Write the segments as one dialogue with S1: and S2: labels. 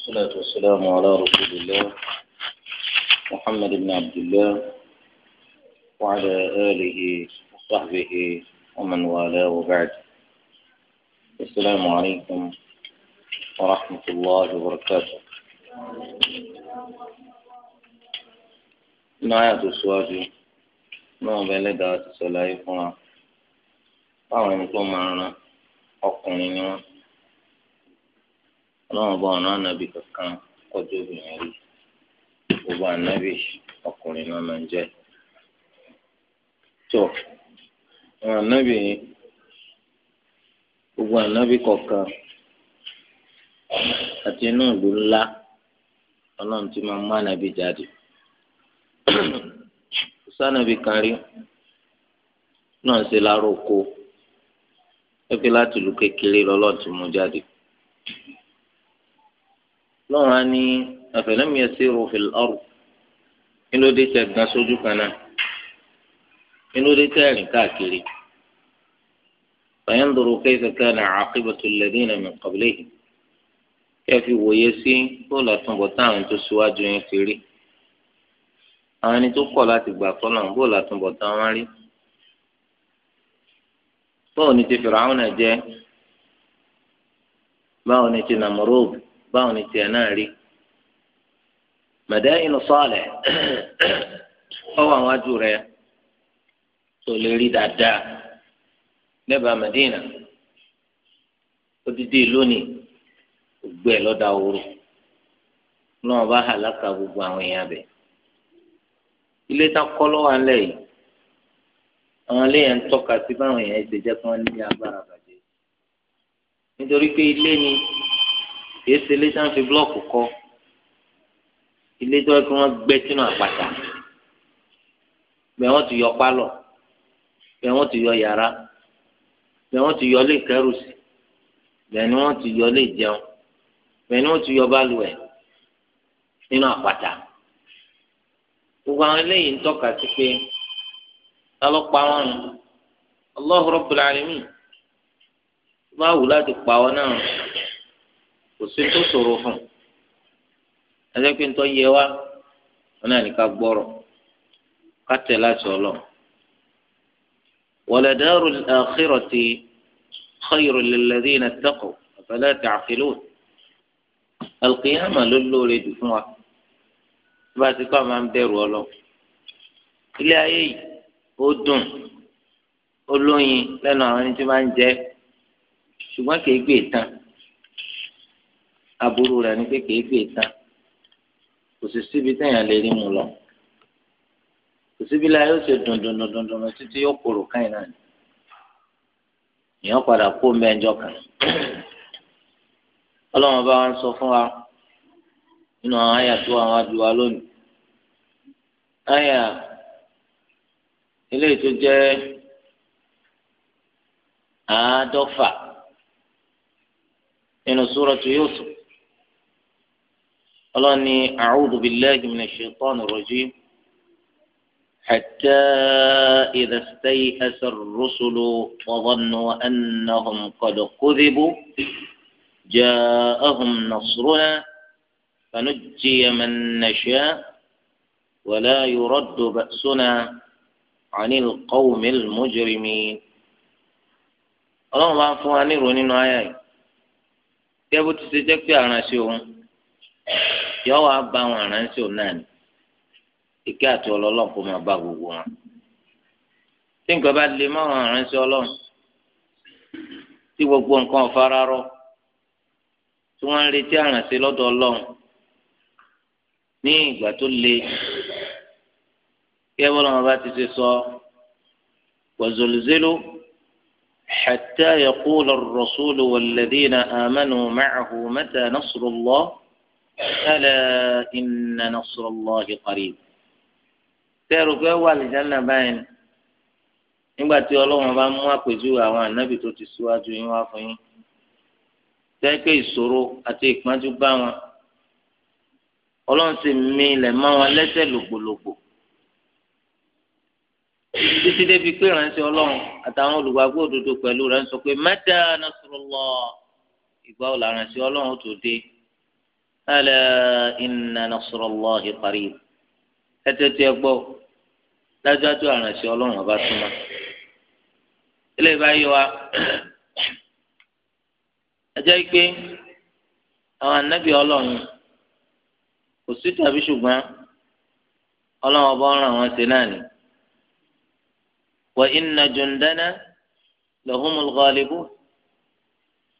S1: والصلاة والسلام على رسول الله محمد بن عبد الله وعلى آله وصحبه ومن والاه وبعد السلام عليكم ورحمة الله وبركاته نهاية السؤال náà bẹ lẹ́dàá ti sọ̀lá yìí معنا wa báwọn ọlọ́run ọba ọ̀nà ànábì kankan kọjú obìnrin rí gbogbo ànábì ọkùnrin náà máa ń jẹ́ tó àwọn ànábì gbogbo ànábì kọ̀ọ̀kan àti inú ìlú ńlá ọlọ́run ti máa ń mú ànábì jáde sànàbì kan rí náà ṣe láròkó ẹgbẹ́ láti lu kékeré lọ́lọ́run mú jáde lọ́wọ́n á ní afalam yasiru fil ard kí ló dé tẹ̀ gan sójú kan náà kí ló dé tẹ̀ rìn káàkiri fayanduru kayfa kana aqibatu alladhina min qablihim kẹfì wòye sí kó làtúnbọ̀ táwọn tó síwájú yẹn ti rí àwọn ẹni tó kọ̀ láti gbà kọ́nà bó làtúnbọ̀ táwọn rí báwo ni ti Fir'auna jẹ́ báwo ni ti Namrud báwo ni tiẹ̀ náà rí mẹ̀dẹ́yìn sọ́ọ̀lẹ̀ ọwọ́ àwọn ajú rẹ tó lè rí dáadáa lẹ́bàá mẹ̀dínà odidi lónìí gbẹ e lọ́dà ooru náà bá halaka gbogbo àwọn èèyàn bẹ̀ ilé tá kọ́ lọ́wọ́ alẹ́ yìí àwọn aléyàn ń tọ́ka sí báwọn èèyàn ṣe jẹ́ kí wọ́n ní agbára kìí ṣe ilé tí wọ́n fi blọọkù kọ́ ilé tí wọ́n gbẹ́ sínú àpáta bẹ́ẹ̀ wọ́n ti yọ pálọ̀ bẹ́ẹ̀ wọ́n ti yọ yàrá bẹ́ẹ̀ wọ́n ti yọ lé kẹrùsì bẹ́ẹ̀ ni wọ́n ti yọ lé jẹun, bẹ́ẹ̀ ni wọ́n ti yọ bálùwẹ̀ nínú àpáta gbogbo àwọn eléyìí ń tọ́ka sí pé ta ló pa wọ́n run Allahu Rabbul Alamin bá wù láti pa wọ́n náà kò sí tó ṣòro fún ẹjẹ pé nítorí yẹ wá wọn náà ní ká gbọ́rọ̀ ká tẹ̀ láti ọlọ wọlẹdẹrù àkírọ ti xeyìrò lẹlẹdí iná tẹkọ àfẹlẹ tààfilò alùpùpù ló lóore jù fún wa tí bá ti kọ́ àwọn bẹ̀rù ọlọ ilé ayé yìí ó dùn ó lóyin àwọn ẹni tí wọ́n máa ń jẹ ṣùgbọ́n kì í gbé tán aburú rẹ̀ ní pé kìí gbé tán kò sì síbi téèyàn lè rí mu lọ kò síbi la yóò ṣe dundundundundun títí yóò kóró káyìn náà ni èèyàn padà kó mẹ́jọ kan ọlọ́run bá wa ń sọ fún wa nínú àwọn àyà tó àwọn adùn wa lónìí àyà eléyìí tó jẹ́ àádọ́fà nínú súrọ̀tù Yúsúf. قالني أعوذ بالله من الشيطان الرجيم حتى إذا استيأس الرسل وظنوا أنهم قد كذبوا جاءهم نصرنا فنجي من نشاء ولا يرد بأسنا عن القوم المجرمين ọlọ́run máa ń fún wa ní ìròyìn nínú ayá yìí kí ẹ bó ti ṣe jẹ́ pé àrùn àṣẹ òun yọ wá bá wọn aránṣẹ́ òun náà ni ìkẹ́ àti ọlọ́lọ́ kó máa bá gbogbo wọn tí nǹkan bá lè mọ́ àwọn aránṣẹ́ ọlọ́run tí gbogbo nǹkan fararọ tí wọ́n ń retí àránṣẹ́ lọ́dọ̀ ọlọ́run ní ìgbà tó le kí ẹ bọ́lá bá ti ṣe sọ wàzọlùzẹ́lù hatta yaqula ar-rasulu wal-ladhina amanu ma'ahu mata ألا إن نصر الله قريب tẹ́rù pé wà lìjánà báyìí ni nígbà tí ọlọ́run bá mú àpèjúwe àwọn ànábì tó ti síwájú yín wá fún yín tẹ́ pé ìṣòro àti ìpọ́njú bá wọn ọlọ́run sì mì ilẹ̀ mọ́ wọn lẹ́sẹ̀ lògbòlògbò títí débi pé ìránṣẹ́ ọlọ́run àtàwọn olùgbàgbọ́ òdodo pẹ̀lú rẹ̀ ń sọ pé mẹ́ta nasrullah ìgbà wo làránṣẹ́ ọlọ́run tó dé ألا إن نصر الله قريب أتت يقبو لا جاتو أنا سيولون وباتما إلي بايوا أجايكي أو النبي الله òsítà bí ṣùgbọ́n ọlọ́wọ́ bá ràn wọ́n sí náà ni. wa inna jundana lahumul ghalibun.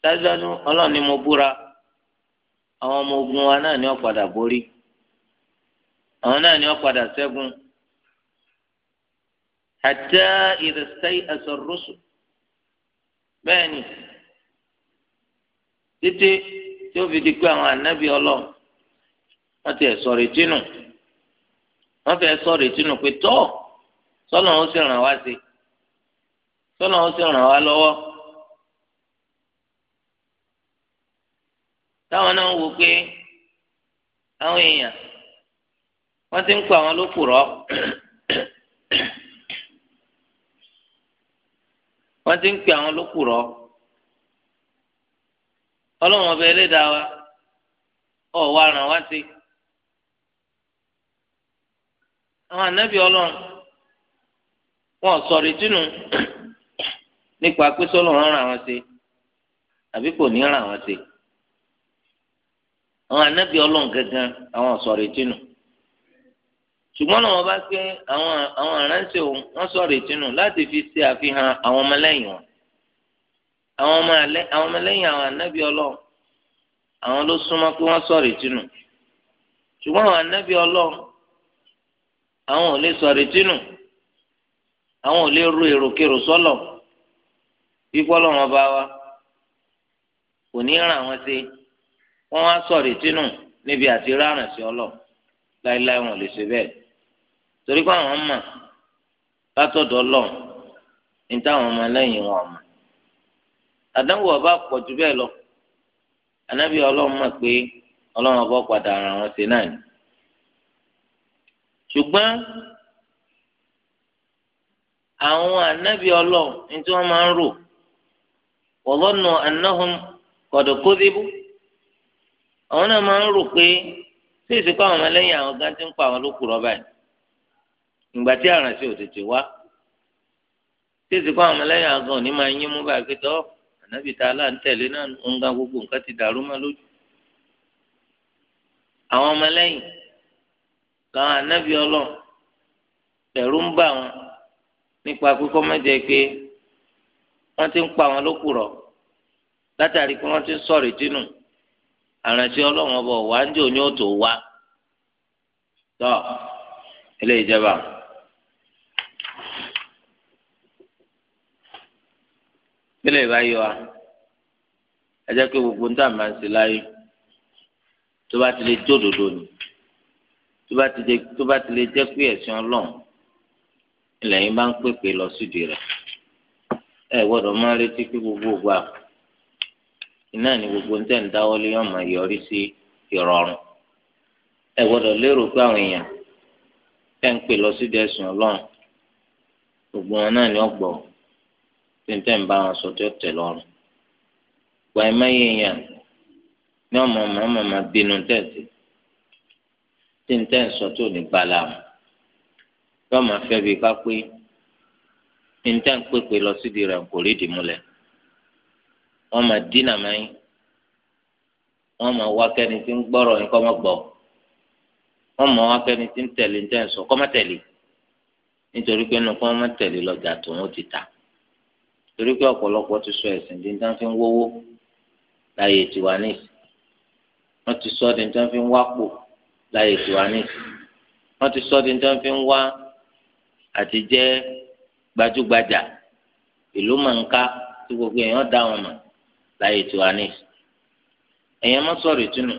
S1: dájúdájú ọlọ́run ni mo búra àwọn ọmọ ogun wa náà ni wọ́n padà borí àwọn náà ni wọ́n padà ṣẹ́gun hatta idha stay'asa ar-rusul bẹ́ẹ̀ ni títí tí ó fi di pé àwọn ànábì Ọlọ́run wọ́n ti ẹsọ retí nù wọ́n fẹẹ sọ retí nù pé tọ sọlọ ń sì ràn wá sí sọlọ ń sì ràn wá lọ́wọ́. táwọn náà wò pé àwọn èèyàn wọn ti ń kó àwọn lókùrọ́ wọ́n ti ń pè àwọn lókùrọ́ ọlọ́run ọbẹ̀ ẹlẹ́dàá wa ọ̀wá ràn wá sí àwọn ànábì ọlọ́run wọn sọ̀rọ̀ ìtúnu nípa pé sọ́lọ́run ràn wọ́n sí àbí àwọn anábì ọlọ́run gẹ́gẹ́ àwọn sọ̀rọ̀ ìtinú ṣùgbọ́n náà bá àwọn àwọn aránṣẹ́ òun wọ́n sọ̀rọ̀ ìtinú láti fi ṣe àfihàn àwọn ọmọlẹ́yìn wọn àwọn ọmọlẹ́yìn àwọn anábì ọlọ́run àwọn ló súnmọ́ pé wọ́n sọ̀rọ̀ ṣùgbọ́n àwọn anábì ọlọ́run àwọn ò lè sọ̀rọ̀ ìtinú àwọn ru èròkèrò sọ́lọ̀ ikú ọlọ́run ọba wa kò ní wọn wá sọ̀rọ̀ ìtinú níbi àti ráràn sí ọlọ láéláé wọn lè ṣe bẹ́ẹ̀ torí pé àwọn mọ̀ látọ̀dọ̀ lọ ní táwọn ọmọ lẹ́yìn wọn mọ̀ àdánwò ọba pọ̀ jù bẹ́ẹ̀ lọ ànábì Ọlọ́run mọ̀ pé Ọlọ́run ọba padà ara wọn ṣe náà ni ṣùgbọ́n àwọn ànábì Ọlọ́run ní tí wọn máa ń rò wọlọ́nà anáhùn kọ̀dọ̀kọ́débù. àwọn náà máa ń rò pé sí ìsìnkú àwọn ọmọlẹ́yìn àwọn gan ti ń pa àwọn lókù rọ́bà yìí ìgbà tí àrànṣe ò tètè wá sí ìsìnkú àwọn ọmọlẹ́yìn àwọn gan òní máa yín mú báyìí pé tọ́ ànábì tá a là ń tẹ̀lé náà ń gan gbogbo nǹkan ti dàrú mọ́ lójú àwọn ọmọlẹ́yìn làwọn ànábì ọlọ́ ẹ̀rú ń bà wọn nípa kíkọ́ mẹ́jẹ pé wọ́n ti ń pa àwọn lókù látàrí pé wọ́n ti ń sọ̀rọ̀ ìdínú àrántí ọlọ́run ọba ọ̀wá ń jẹ́ òní òtò wá tọ́ ilé ìjọba. bílẹ̀ ìbá yọ wa ẹ jẹ́ pé gbogbo níta máa ń ṣe láyé tó bá ti lè jó òdodo ni tó bá ti lè tó bá ti lè jẹ́ pé ẹ̀sìn ọlọ́run ilẹ̀ yín bá ń pèpè lọ sídìí rẹ̀ ẹ gbọ́dọ̀ máa retí pé gbogbo ògbà iná ni gbogbo ń tẹ̀ ń dáwọ́lé yóò máa yọrí sí ìrọ̀rùn ẹ gbọ́dọ̀ lérò pé àwọn èèyàn tẹ̀ ń pè lọ sí dẹ̀sùn ọlọ́run gbogbo wọn náà ni ó gbọ́ tí ń tẹ̀ ń bá wọn sọ tí ó tẹ̀ lọ́rùn gba ẹ̀ mẹ́yẹ èèyàn ní ọmọ ọmọ ọmọ ọmọ bínú tẹ̀sí tí ń tẹ̀ ń sọ tó ní gbala wọn yóò máa fẹ́ bí ká pé ń tẹ̀ ń pèpè lọ sídìí rẹ̀ kò rídìí múlẹ̀ wọn máa dínà máa yín wọn máa wá kẹ́ni tí ń gbọ́rọ̀ yín kọ́ mọ́ gbọ́ wọn máa wá kẹ́ni tí ń tẹ̀lé ń tẹ̀ ń sọ kọ́ mọ́ tẹ̀lé nítorí pé inú kọ́ mọ́ tẹ̀lé lọ́jà tó ń ti ta torí pé ọ̀pọ̀lọpọ̀ ti sọ ẹ̀sìn di nítorí fi ń wówó láyé tiwa níìsì wọ́n ti sọ di nítorí fi ń wápò láyé tiwa níìsì wọ́n ti sọ di nítorí fi ń wá àti jẹ́ gbajúgbajà ìlú mọ̀nká tí gbogbo èèyàn dá wọn mọ̀ láyé tiwa ní ẹ̀yàn má sọ̀rọ̀ ìtúnu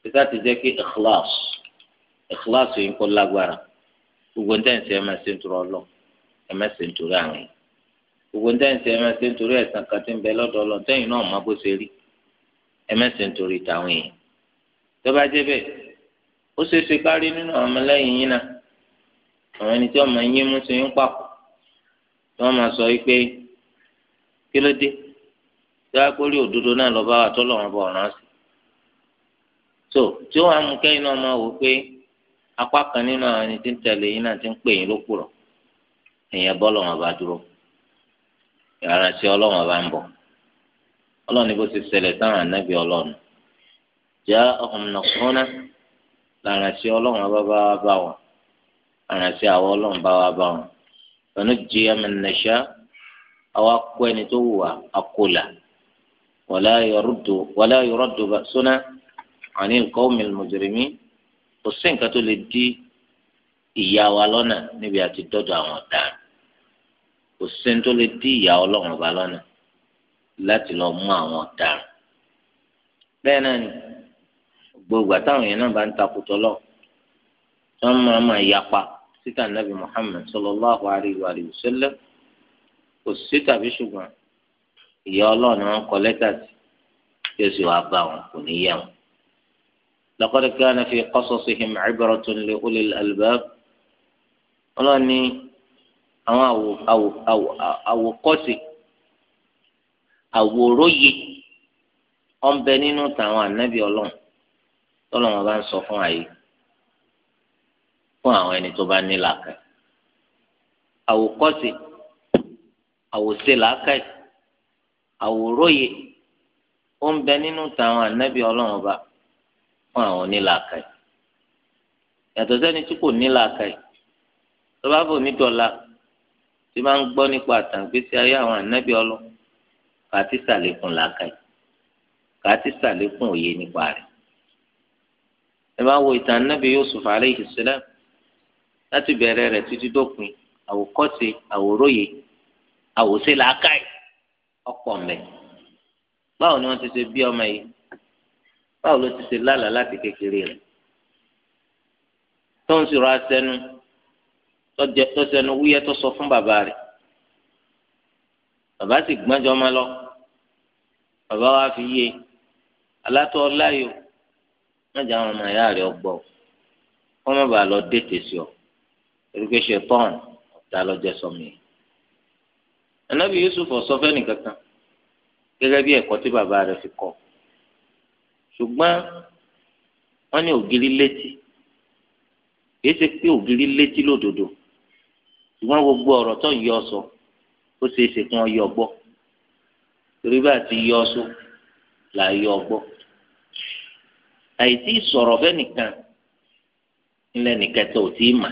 S1: títà ti jẹ́ kí ikhlas ikhlas yìí kó lágbára gbogbo ní tẹ̀sí ẹ̀ máa ṣe ń turọ̀ ọlọ́ ẹ̀ máa ṣe ń turọ̀ àwọn yìí gbogbo ní tẹ̀sí ẹ̀ ń turọ̀ ẹ̀sán kan ń bẹ lọ́dọ̀ ọlọ́ tẹ̀yìn náà má bó ṣe rí ẹ̀ ń turọ̀ ìtàwọn yìí tó bá jẹ́ bẹ́ẹ̀ ó ṣeé ṣe kárí nínú àwọn ọmọlẹ́yìn yín náà tí wàá kórè òdodo náà lọ́ba wa tó lọ́wọ́ bọ̀ ọ̀ràn sí. so tí wọ́n á mú kẹ́yìn náà máa wò pé apá kan nínú àwọn ẹni tí ń tẹ̀lé yín náà ti ń pè yín lókùrọ̀ èèyàn bọ́ lọ́wọ́ bá dúró yàrá tí ọlọ́wọ́ bá ń bọ̀ ọlọ́run ni bó ti ṣẹlẹ̀ sáwọn ànábì ọlọ́run jẹ́ ọ̀nà kọ́nà lára tí ọlọ́run bá bá wá bá wọn lára tí àwọn ọlọ́run bá wá bá wọn ọ̀nà jẹ́ ẹ̀mẹ̀nẹ̀ṣá àwọn akọ ẹni tó wù wá akọlà. ولا يرد ولا يرد بأسنا عن القوم المجرمين òsín nǹkan tó lè di ìyá wa lọ́nà níbi àti dọ́dọ̀ àwọn ọ̀daràn òsín tó lè di ìyá ọlọ́run ọba lọ́nà láti lọ mú àwọn ọ̀daràn bẹ́ẹ̀ náà ni gbogbo àtàwọn yẹn náà bá ń takùtọ̀ lọ tí wọ́n máa máa yapa síta nàbì Muhammad sallallahu alaihi wa sallam kò sí tàbí ṣùgbọ́n ìyá ọlọ́run ni wọ́n kọ lẹ́tà sí kí oṣù wa bá wọn kò ní yẹ wọn. laqad kana fi qasasihim ibratun li ulil albab ọlọ́run ní àwọn àwòkọ́sì àwòróye ọ̀nbẹ nínú tàwọn ànábì ọlọ́run tọ́lọ́run bá ń sọ fún àyè fún àwọn ẹni tó bá ní làákàyè àwòkọ́sì àwòṣe làákàyè àwòróye ó ń bẹ nínú tàwọn ànábì ọlọ́run ọba fún àwọn onílàákàyè yàtọ̀ sẹ́ni tí kò nílàákàyè tó bá bò nídọ̀la tí máa ń gbọ́ nípa àtàǹgbésí ayé àwọn ànábì ọlọ́ kà á sàlékún làákàyè kà á sàlékún òye nípa rẹ̀ ẹ bá wo ìtàn ànábì Yusuf alayhi salam láti bẹ̀rẹ̀ rẹ̀ títí dópin àwòkọ́ṣe àwòróye àwòṣe làákàyè ọ̀pọ̀ mẹ báwo ni wọ́n ti ṣe bí ọmọ yìí báwo ló ti ṣe lálàá láti kékeré rẹ̀ tó ń sọ̀rọ̀ asẹnu tó sẹnu wúyẹ́ tó sọ fún bàbá rẹ̀ bàbá sì gbọ́njọ́ ọmọ lọ bàbá wa fi yé alátọ ọláyò mọjà àwọn ọmọ ìyá rẹ̀ ọgbọ kọmọba lọ dé tèsí ọ tọ́ọ̀n ọ̀tá lọ́jọ́ sọmi anabi yusuf ọsọ fẹ́ nìkankan gẹ́gẹ́ bí ẹ̀kọ́ tí bàbá rẹ̀ fi kọ́ ṣùgbọ́n wọ́n ní ògiri létí kìí ṣe pé ògiri létí lódodo ṣùgbọ́n gbogbo ọ̀rọ̀ tó yọ sọ ó ṣeé ṣe kí wọ́n yọ gbọ́ torí bá ti yọ sọ là yọ gbọ́ àìsí ìsọ̀rọ̀ fẹ́nìkan ńlẹ̀ nìkẹtọ̀ ò tí ì mà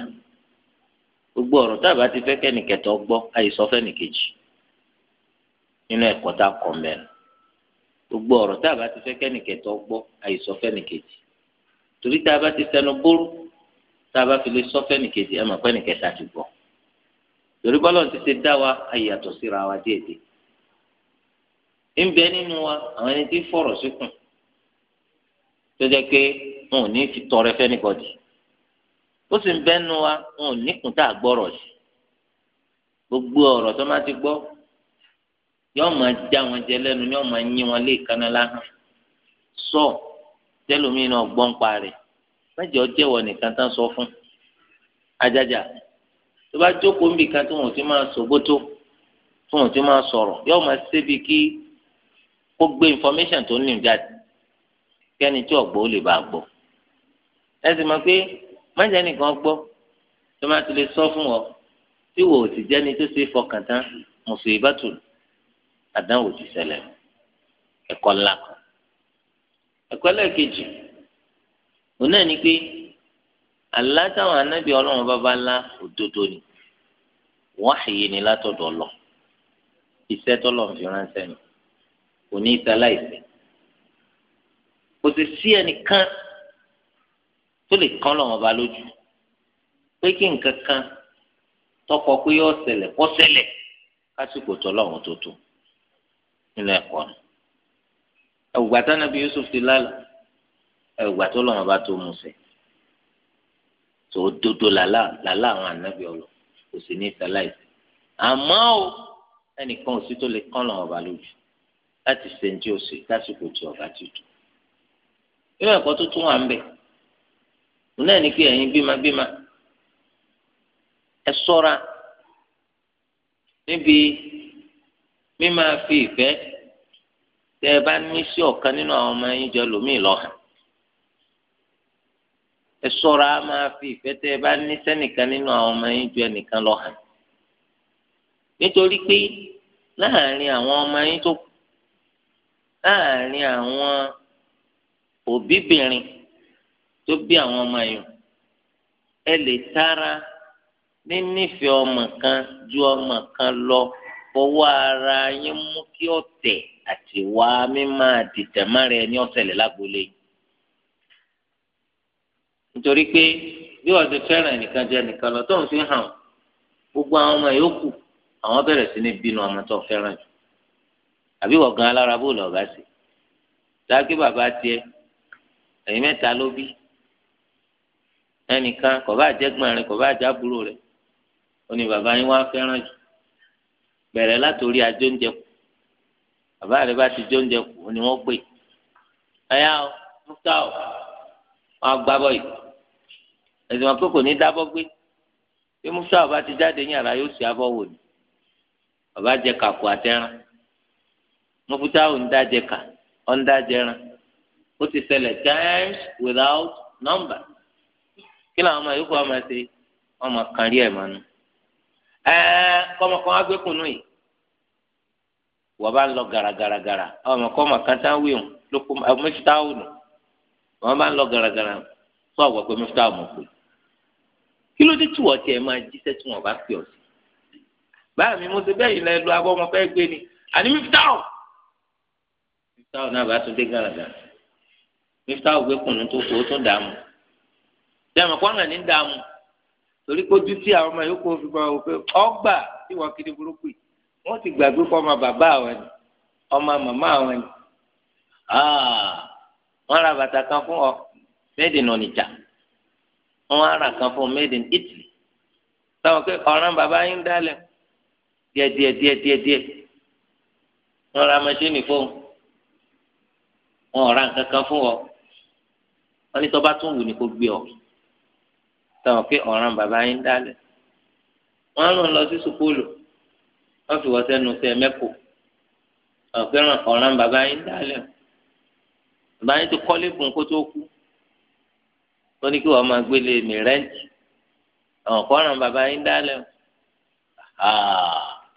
S1: gbogbo ọ̀rọ̀ tá a bá ti fẹ́ kẹ́nìkẹtọ̀ gbọ́ àìsọ fẹ́nìkejì. nínú ẹ̀kọ́ tá a kọ́ mẹ́rin gbogbo ọ̀rọ̀ tá a bá ti fẹ́ kẹ́nìkẹ́tọ́ gbọ́ àìsọ fẹ́nìkejì torí tá a bá ti tẹnu bóró tá a bá fi lè sọ fẹ́nìkejì ẹ̀ mọ̀ ti gbọ́ torí bọ́lọ̀ ti ṣe dá wa àyàtọ̀ síra wa déédéé ń bẹ nínú wa àwọn ẹni tí fọ̀rọ̀ síkùn tó jẹ́ pé wọn ò ní fi tọrẹ fẹ́nìkọ́dì ó sì ń nínú wa wọn ò tá a ti gbọ́ yọọ máa já wọn jẹ lẹ́nu yọọ máa yín wọn lé ìkànnà láhàn sọ tẹlómi náà gbọ́n pa rẹ̀ mẹjọ jẹ́wọ́ nìkan tán sọ fún ajaja tó bá jókòó níbi kan tó wọn ti máa sògbótó tó wọn ti máa sọ̀rọ̀ yọọ máa ṣébi kí kó gbé information tó ń jáde kẹ́ni tí ọ̀gbọ́ ó lè bá gbọ́ ẹ sì mọ̀ pé mẹjọ nìkan gbọ́ tó máa ti lè sọ fún ọ tí wò ó sì jẹ́ni tó ṣe fọkàn tán mùsùlùmí bá tù lù àdánwò ti ṣẹlẹ̀ ẹ̀kọ́ ńlá kan ẹ̀kọ́ ẹlẹ́ẹ̀kejì òun náà ni pé àlá táwọn anábì ọlọ́run bàbá ńlá òdodo ni wọ́n àyè ni látọ̀dọ̀ lọ iṣẹ́ tọ́lọ́run fi ránṣẹ́ ni kò ní ìtàláìsẹ̀ kò sì sí ẹnìkan tó lè kán lọ́wọ́n ba lójú pé kí nǹkan kan tọkọ pé yọ ṣẹlẹ̀ kásìkò tọ́lọ́run tó tó nílẹ̀ ẹ̀kọ́ ni ẹ̀wùgbà tánàbí Yusuf ti lálẹ́ ẹ̀wùgbà tó lọ́mọ bá tó mú sẹ́ tó dodo làlá làlá àwọn ànábì ọlọ kò sí ní sàláìsì àmọ́ o ẹnìkan ò sí tó lè kán lọ́mọ bá lójú láti ṣe ní lásìkò tí ọ̀gá ti dù nínú ẹ̀kọ́ tó tún wà ń bẹ̀ òun náà ní kí ẹ̀yin bímabíma ẹ ṣọ́ra níbi. ma fi ife tẹ ẹ bá ní sí ọ̀kan nínú àwọn ọmọ yín jọ lómi lọ́hàn ẹ ṣọ́ra máa fi ife tẹ ẹ bá ní sẹ́nìkan nínú àwọn ọmọ yín jọ ẹnìkan lọ́hàn nítorí pé láàárín àwọn ọmọ yín tó láàárín àwọn òbíbìnrin tó bí àwọn ọmọ yín ẹ lè tara ọmọ kan ju ọmọ kan lọ fọwọ́ ara yín mú kí ọ̀tẹ̀ àti wá mímọ́ àdìtẹ̀mọ́ra ẹni ọ̀tẹ̀lẹ̀ lágboolé nítorí pé bí wọ́n ti fẹ́ràn ẹnìkan jẹ́ ẹnìkan lọ tó ń fi hàn gbogbo àwọn ọmọ yòókù àwọn bẹ̀rẹ̀ sí ní bínú ọmọ tó fẹ́ràn jù àbí wọ́n gan alára bàbá tiẹ̀ ẹ̀yin mẹ́ta ló bí ẹnìkan kò bá kò bá jábúrò rẹ̀ ó bẹ̀rẹ̀ látòrí ajó ń jẹkù bàbá rẹ bá ti jó ń jẹkù ni wọ́n pè ẹ̀yà o mọ́tà o wọ́n á gbá bọ́ yìí ẹ̀sìn wọn pé kò ní dábọ́ gbé bí mọ́tà o bá ti jáde ní àrà yóò sì abọ́ wò ni bàbá jẹ kàkó àtẹrán mọ́tà o ń dá jẹ kà ọ́ ń dá jẹran ó ti ṣẹlẹ̀ times without number kí làwọn ọmọ yòókù ọmọ ẹ ṣe ọmọ kan rí ẹ̀ mọ́nu ẹ kọmọkàn wá gbé kùnú yìí wọ́n bá ń lọ gàràgàràgàrà ọmọ kọ́mọ kan tá ń wí hùn lóko mẹ́fìtá ò nù wọ́n bá ń lọ gàràgàrà sọ ọ̀gbọ́n pé mẹ́fìtá ò mọ̀ pé kí ló dé tí wọ́n tiẹ̀ máa jíṣẹ́ tí wọ́n bá pè ọ́ sí báyà mi mo ti bẹ́ẹ̀ yìí lẹ́nu abọ́ ọmọ fẹ́ gbé ni àní mẹ́fìtá ò náà bá tún dé gàràgàrà mẹ́fìtá gbé kùnú tó kó tó dààmú torí pé ojú tí àwọn ọmọ yòókù fi kọ́ òfin ọgbà tí wọ́n kiri burúkú yìí wọ́n ti gbàgbé kọ́ ọmọ bàbá àwọn ni ọmọ màmá àwọn ni ah, wọ́n ra bàtà kan fún ọ made in Onitsha wọ́n ra kan fún made in Italy táwọn pé ọ̀ràn bàbá yín ń dálẹ̀ díẹ̀ díẹ̀ díẹ̀ díẹ̀ díẹ̀ wọ́n ra mẹsìnì fún wọn ọ̀ràn kankan fún ọ wọ́n ní tó bá tún wù ní kó gbé ọ táwọn pé ọ̀ràn bàbá yín dálẹ̀ wọ́n á rán lọ sí sùkúlù wọ́n fi wọ́n sẹ́nu sẹ́ mẹ́kò àwọn pé ọ̀ràn bàbá yín dálẹ̀ bàbá yín ti kọ́lé fún kó tó kú ó ní kí wọ́n máa gbélé mi àwọn kọ́ ọ̀ràn bàbá yín dálẹ̀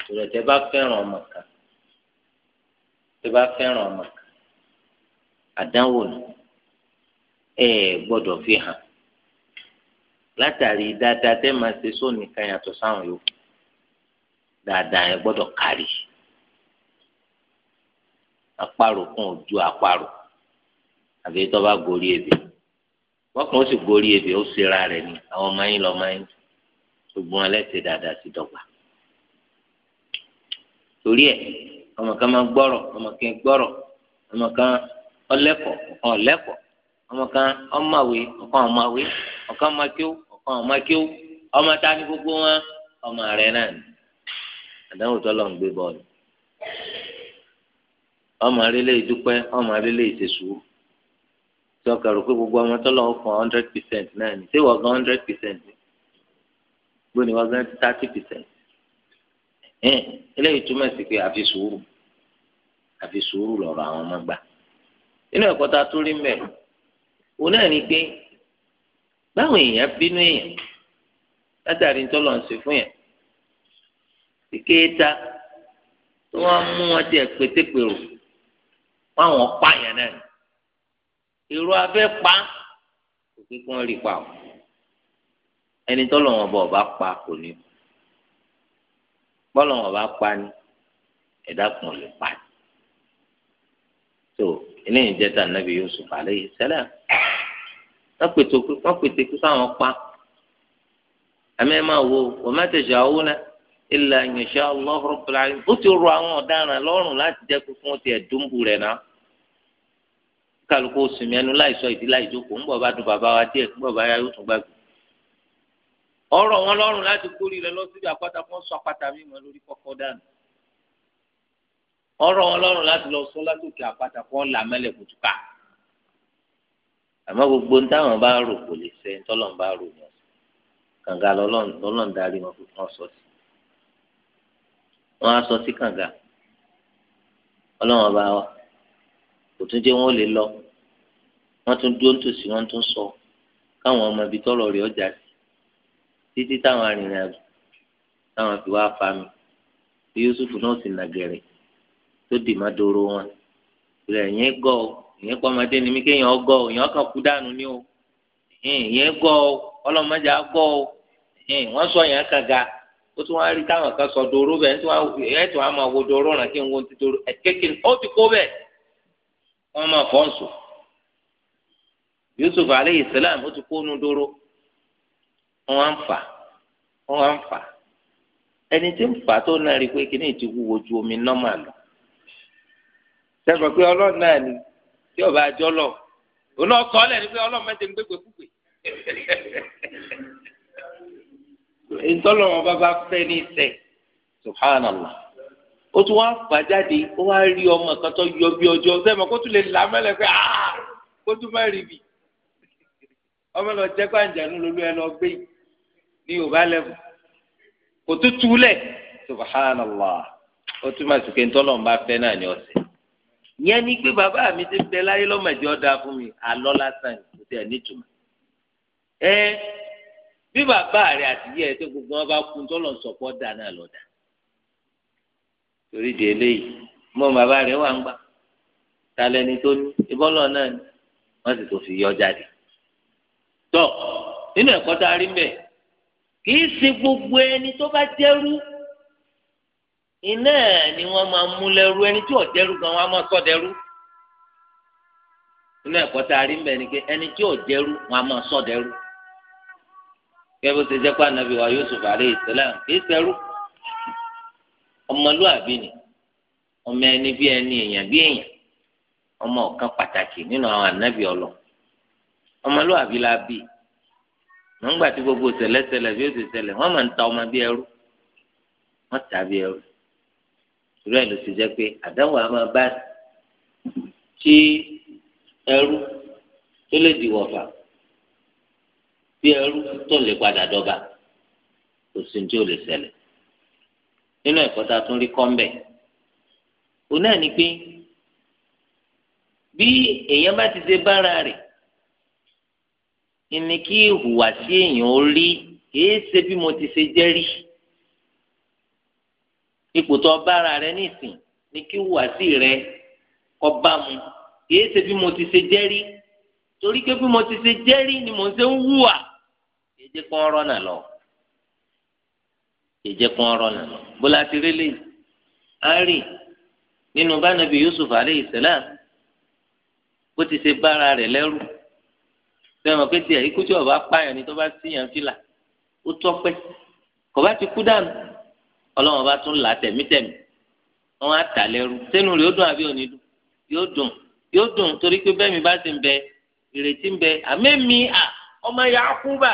S1: tòlẹ̀ tẹ́ bá fẹ́ràn ọmọ kan tẹ́ bá fẹ́ràn ọmọ kan àdánwò ni ẹ gbọ́dọ̀ fi hàn látàrí dáadáa tẹ́ máa ṣe sóòní kan yàtọ̀ sáwọn yòókù dáadáa yẹn gbọ́dọ̀ kárí àparò kan ò ju àparò àbí tó bá gorí ebè wọ́n kàn ó sì gorí ebè ó ṣera rẹ̀ ni àwọn ọmọ yín lọ́mọ yín gbogbo wọn lẹ́sẹ̀ dáadáa sí dọ́gba torí ẹ̀ ọmọ kan máa gbọ́rọ̀ ọmọ kan gbọ́rọ̀ ọmọ kan ọlẹ́kọ̀ọ́ ọ̀kan ọmọ kan ọmọwé ọ̀kan ọmọwé ọ̀kan ọmọkéw ọ̀kan ọmọkéw ọmọ ta ni gbogbo wọn ọmọ rẹ náà ni àdánwò tó lọ ń gbé bọ́ọ̀lù ọmọ rẹ lè dúpẹ́ ọmọ rẹ lè tẹ̀sù tí ọkà rò pé gbogbo ọmọ tó lọ kàn hundred percent náà ni ṣé wọ́n gan hundred percent gbóni wọ́n gan thirty percent ẹ̀ eléyìí túmọ̀ sí pé àfi sùúrù àfi sùúrù lọ̀rọ̀ àwọn ọmọ gbà inú ẹ̀kọ́ ta tó rí mẹ́rin òun náà ní pé báwọn èèyàn bínú èèyàn látàrí ntọ́lọ̀ ń ṣe fún yẹn kékeré tí wọ́n mú wọn tiẹ̀ pétépèrò wọn àwọn pààyàn náà èrò abẹ́ pa kò kí wọ́n rí pa o ẹni tọ́lọ̀ wọn bọ̀ ọba pa kò ní bọ́lọ̀ wọn bá pa ni ẹ̀dá kan lè pa ni eléyìí jẹ́ tà nàbí Yusuf alayhi salam wọ́n pètè kú sáwọn pa àmì ẹ̀ máa wo wa ma tasha'una illa an yasha Allah rabbul alamin ó ti rọ àwọn ọ̀daràn lọ́rùn láti jẹ́ kó fún ti ẹ̀dúnbù rẹ̀ náà kálukú sùnmí ẹnu láìsọ ìdí láìjókòó ń bọ̀ bá dùn bàbá wa díẹ̀ ń bọ̀ bá yá yóò gbàgbé
S2: ọ̀rọ̀ wọn lọ́rùn
S1: láti kórìí rẹ lọ síbi àpáta fún sọ ọ̀rọ̀ Ọlọ́run láti lọ sọ látòkè àpáta kọ là mẹlẹ kùtùkà àmọ́ gbogbo ń táwọn bá rò kò lè ṣe ńtọ́lọ́n bá rò yàn kànga lọ́lọ́n darí wọn fún wọn sọ sí wọn á sọ sí kànga Ọlọ́run bá wà kò tún jẹ́ wọn lè lọ wọn tún dúró nítòsí wọn tún sọ káwọn ọmọ ibi tọrọ rẹ ọjà sí títí táwọn arìnrìn àjò táwọn fi wá fa mi Yusuf náà sì nà gẹ̀rẹ̀ tó doro má dòrò wọn rẹ̀ yẹn gọ̀ ọ́ ìyẹn kọ́ ni mí kú dànù ni o ọlọ́mọdé wọ́n sọ yẹn ga ó tún wá rí kan sọ dòrò bẹ́ẹ̀ ẹ̀ tún wo dòrò ràn kí n wo ti dòrò ẹ̀ kékeré ó ti kó Yusuf aleyhi salam ó ti kó nu dòrò wọ́n wá ń fà wọ́n wá ń fà ẹni omi nọ́mà lọ sẹ́gbọ̀n pé ọlọ́run náà ni tí ọba àjọ lọ òun náà sọ ọ́lẹ̀ ni pé ọlọ́run mẹ́tẹ̀ ń gbégbé púpè. ìtọ́lọ́wọ́n bá bá fẹ́ ní ìtẹ̀ subhanallah ó tún wá fà jáde ó wá rí ọmọ kan tó yọ bí ọjọ́ sẹ́mọ̀ kó tún lè là mẹ́lẹ̀ pé kó tún má rí bì ọmọ lọ jẹ́ pàǹjánú lolú ẹ lọ gbé ní yorùbá lẹ́bù kò tún túlẹ̀ subhanallah ó tún má sì pé bá fẹ́ náà ní ọ̀sẹ̀ yẹn ni pé bàbá mi ti bẹ láyé lọ́mọdé ọ̀dà fún mi àlọ́ lásán kò tẹ̀ nítumọ̀ ẹ bí bàbá rẹ àti yẹ ẹ tó gbogbo wọn bá kú tó lọ sọpọ dáná lọdà torí di eléyìí mọ bàbá rẹ wà ń gbà ta lẹni tó ní ìbọlọ náà ni wọn sì tó fi yọ jáde tọ nínú ẹ̀kọ́ tá a rí mbẹ kì í ṣe gbogbo ẹni tó bá jẹrú iná ni wọ́n máa mú lẹ́rú ẹni tí ò dẹ́rú gan wọ́n á máa sọ dẹ́rú inú ẹ̀kọ́ tá a rí ni pé ẹni tí ò dẹ́rú wọ́n á máa sọ dẹ́rú kẹ́bí ti jẹ́ pé anabi wa Yusuf alayhi salam kì í ọmọlúwàbí ni ọmọ ẹni bí ẹni èèyàn bí èèyàn ọmọ ọkan pàtàkì nínú àwọn anabi ọmọlúwàbí la bí irú ẹ̀ ló ti jẹ́ pé àdáwò a máa bá tí ẹrú tó lè di wọ̀fà bí ẹrú tó lè padà dọba kò sí ní tí ò lè ṣẹlẹ̀ nínú ẹ̀kọ́ tá tún rí kọ́ńbẹ̀ òun náà ni pé bí èèyàn bá ti dé bára rẹ̀ ìní kí ìhùwàsí èèyàn ó rí kìí ṣe bí mo ti ṣe jẹ́ rí ipò tó bára rẹ nísìn ni kí wùwàsí rẹ kọ bá mu kìí ṣe bí mo ti ṣe jẹ́rí torí pé bí mo ti ṣe jẹ́rí ni mo ṣe ń wùwà kìí jẹ́ kó ń rọ́nà lọ kìí jẹ́ kó ń rọ́nà lọ bó la ti rí lè á rì nínú bánabi Yusuf aleyhi salam bó ti ṣe bára rẹ lẹ́rù sẹ́wọ̀n pé tiẹ̀ ikú tí ọba pààyàn ni tó bá síyàn fìlà ó tọ́pẹ́ kò bá ti kú dànù ọlọ́run bá tún là á tẹ̀mítẹ̀mí wọ́n á tà lẹ́rú sẹ́nu rẹ̀ ó dùn àbí òní dùn yóò dùn yóò dùn torí pé bẹ́ẹ̀ mi bá ti ń bẹ ìrètí ń bẹ àmẹ́mi à ọmọ Yakuba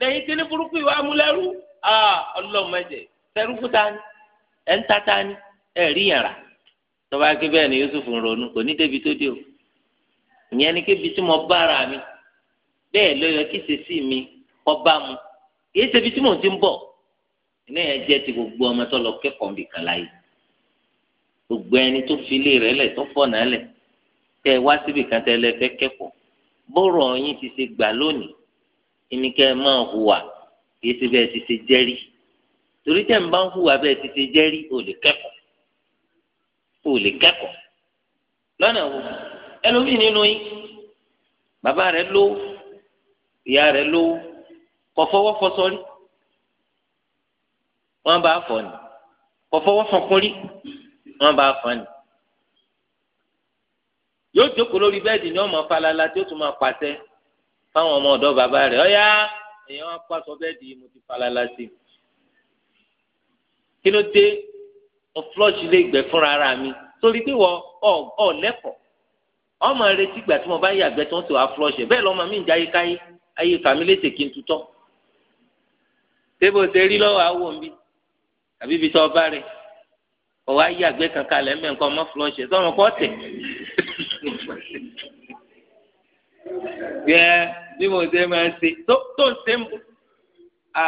S1: lẹ́yìn kíní burúkú ìwà amúlẹ́rú à ọlọ́mọdé tẹrúkú ta ni ẹ̀ ń ta ta ni ẹ̀ rí yàrá tọ́ba kí bẹ́ẹ̀ ni Yusuf ń ronú kò ní débi tó dé o ìyẹn ni kébi tí mo bára mi bẹ́ẹ̀ ló yẹ kí ṣe sí mi kọ́ bá mu kì í ṣe ibi tí mò ti ń bọ̀ ilé yẹn jẹ́ ti gbogbo ọmọ tó lọ kẹ́kọ̀ọ́ nbìkan láyé gbogbo ẹni tó fi ilé rẹ̀ lẹ̀ tó fọ̀nà lẹ̀ tẹ́ wá síbi kan tẹ́ lẹ fẹ́ kẹ́kọ̀ọ́ bọ́rọ̀ yín ti ṣe gbà lónìí ìní kẹ́ ẹ máa hùwà kìí ṣe bẹ́ẹ̀ ti ṣe jẹ́rí torí tẹ́ ń bá ń hùwà bẹ́ẹ̀ ti ṣe jẹ́rí ò lè kẹ́kọ̀ọ́ ò lè kẹ́kọ̀ọ́ lọ́nà wo ẹlòmíì nínú yín bàbá rẹ̀ lówó ìyá rẹ̀ lówó kò fọwọ́ wọ́n bá fọ̀ ni kò fọwọ́ fọkún rí wọ́n bá fọ̀ ni yóò jókòó lórí bẹ́ẹ̀dì ni ọmọ falala tí ó tún máa pàṣẹ fáwọn ọmọ ọ̀dọ́ bàbá rẹ̀ ọ̀yá èèyàn wá pàṣọ bẹ́ẹ̀dì mo ti falala sí kí ló dé mo flush ilé ìgbẹ́ fúnra ara mi torí pé wọ ọ lẹ́kọ̀ọ́ ọmọ retí ìgbà tí mo bá yàgbẹ́ tó ń tò wá flush ẹ̀ bẹ́ẹ̀ lọ́mọ mi ń jayé káyé ayé kàmílétè kí n tutọ́ tébò ṣe rí lọ́wọ́ àwọn òbí àbí ibi tó o bá rẹ̀ ọ̀ wá yí àgbẹ̀ kankan lẹ́ mẹ́ nǹkan ọmọ fúlọ́ọ̀ṣẹ̀ sọ́mọ kọ́ tẹ̀. yẹ bí mo ṣe máa ń ṣe tó ń ṣe ń bọ̀ à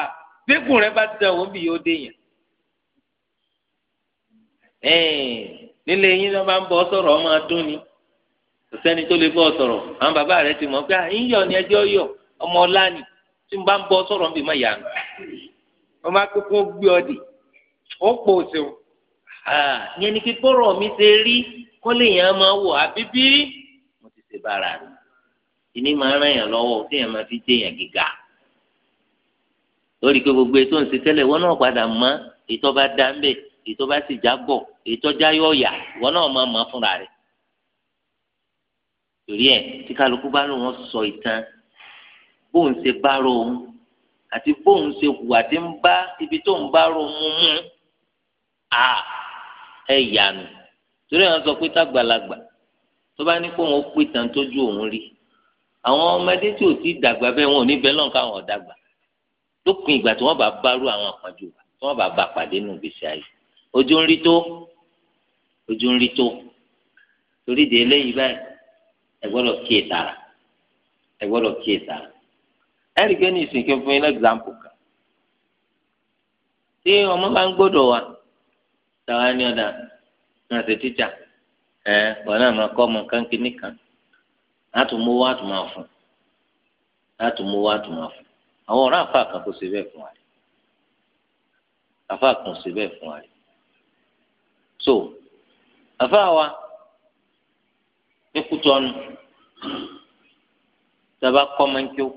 S1: rẹ bá dán òun bí yóò dé yẹn. nílé yín ló bá ń bọ sọ̀rọ̀ ọmọ adún ni kò sẹ́ni tó lè bọ́ sọ̀rọ̀ àwọn bàbá rẹ ti mọ̀ pé àyíyọ̀ ni ẹjọ́ yọ̀ ọmọ ọlá ni tí mo bá ń bọ sọ̀rọ̀ ń bì mọ̀ yàrá wọ́n bá kókó gbé ọ dì ó ń pò òsèwò yẹn ni kíkọ́rọ̀ mi ṣe rí kọ́lé yẹn máa wọ̀ àbíbí mo ti ṣe bára rẹ̀ ìní máa ràn yàn lọ́wọ́ téèyàn máa fi téèyàn gíga lórí pé gbogbo ètò ń ṣe tẹ́lẹ̀ wọn náà padà mọ ètò bá dá ń bẹ ètò bá sì já bọ̀ ètò já yọ ọ̀yà wọn náà máa mọ fúnra rẹ̀ torí ẹ̀ tí kálukú bá lò wọ́n sọ ìtàn bóun ṣe bá ro àti bóun ṣe hùwà tí ń bá ibi tó ń bá ro mu mú a ẹ yànù torí àwọn sọ pé tágbàlagbà tó bá ní kó wọn pè tán tójú òun rí àwọn ọmọdé tí ò ti dàgbà bẹ́ẹ̀ wọn ò ní bẹ́ẹ̀ lọ́n káwọn dàgbà lópin ìgbà tí wọ́n bá bárú àwọn àpàjù tí wọ́n bá bá pàdé nù gbèsè ayé ojú ń rí tó ojú ń rí tó torí de eléyìí báyìí ẹ gbọ́dọ̀ kíyè tara ẹ gbọ́dọ̀ kíyè tara ẹ rí i ìsìnkú fún yín lẹ́gbàmpù kan tí ọmọ bá ń gbọ́dọ̀ wa táwa ní ọ̀dà náà ṣe tíjà ẹ wọn náà máa kọ́ ọmọ kánkí nìkan látùmówó àtùmá fún látùmówó àtùmá fún àwọn ọ̀rọ̀ àfa kan kò ṣe bẹ́ẹ̀ fún wa rí àfa kan kò ṣe bẹ́ẹ̀ fún wa rí so àfa wa ní kútọ́nù tàbá kọ́ máa ń kí o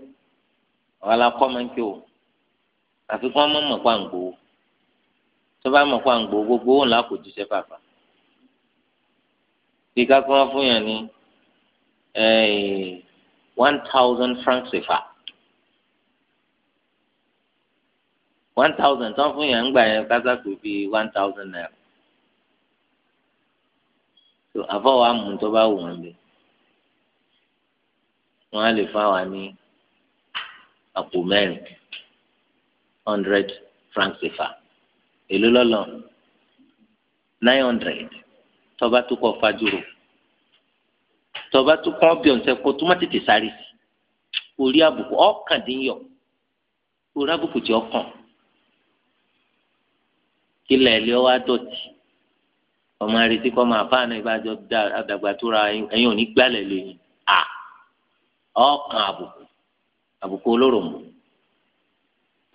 S1: àwọn alakọ́ máa ń kí o àfikún ọmọ mọ̀ pa ń gbowó tó bá mọ̀ pa ń gbó gbogbo òun là kò jíṣẹ́ fàfà bí kákó wọn fún yàn ní eh, one thousand francs fà one thousand tó ń fún yàn ń gbà yẹn kásàkó bí one thousand naira so àfọwọ́ amú tó bá wù wọ́n lé wọ́n á lè fáwọn ní àpò mẹ́rin hundred francs fà èló lọ́lọ́ nine hundred tọba tó kọ fajúro tọba tó kọ bíọ̀nsẹ̀ kó tó má tètè sáré sí orí àbùkù ọ̀kàndínyọ̀ orí àbùkù tí ọkàn kílẹ̀ ilé ọwọ́ àdọ̀tí ọmọ àrètí kọ́ máa fáànù ìbájọ́ àdàgbà tó ra ẹ̀yìn òní gbálẹ̀ lóyún à ọkàn àbùkù àbùkù olóró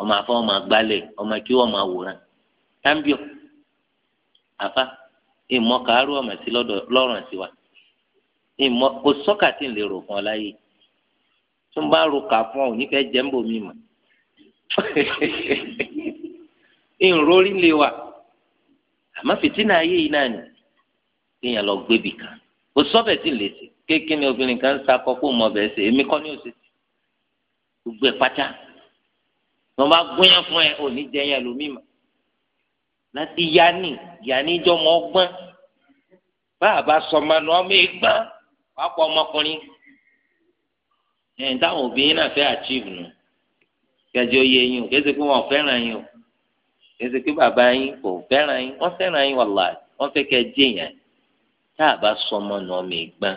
S1: ọmọ afọ ọmọ àgbálẹ̀ ọmọ kí wọ́n máa wòran tambio àfa ìmọ̀ kàárọ̀ ọmọ sí lọ́rùn sí wa ìmọ̀ kò sọ́kà tí ń lè rò fún ọ láyé tó ń bá ro kà fún ọ òní fẹ́ ń bò mí mọ̀ ìròrí lè wà àmọ́ fìtínà ayé yìí náà ni kéèyàn lọ gbébì kan kò sọ́bẹ̀ tí ń lè sè kéèké ni obìnrin kan ń sakọ kó mọ ọbẹ̀ sè èmi kọ́ ni ó sè gbogbo ẹ̀ pátá wọn bá gúnyán fún ẹ òní jẹyàn lómi mọ̀ láti yanni yanni jọmọ ọgbọ́n báàbá sọmọnù ọmọ ẹgbọn pápọ ọmọkùnrin ẹ̀yìn táwọn obìnrin náà fẹ́ achieve nù kẹjọ yẹ yín o kẹsẹ pé wọn fẹ́ràn yín o kẹsẹ pé bàbá yín kò fẹ́ràn yín wọn fẹ́ràn yín wàlá wọn fẹ́ kẹ jẹyàn táàbá sọmọnù ọmọ ẹgbọn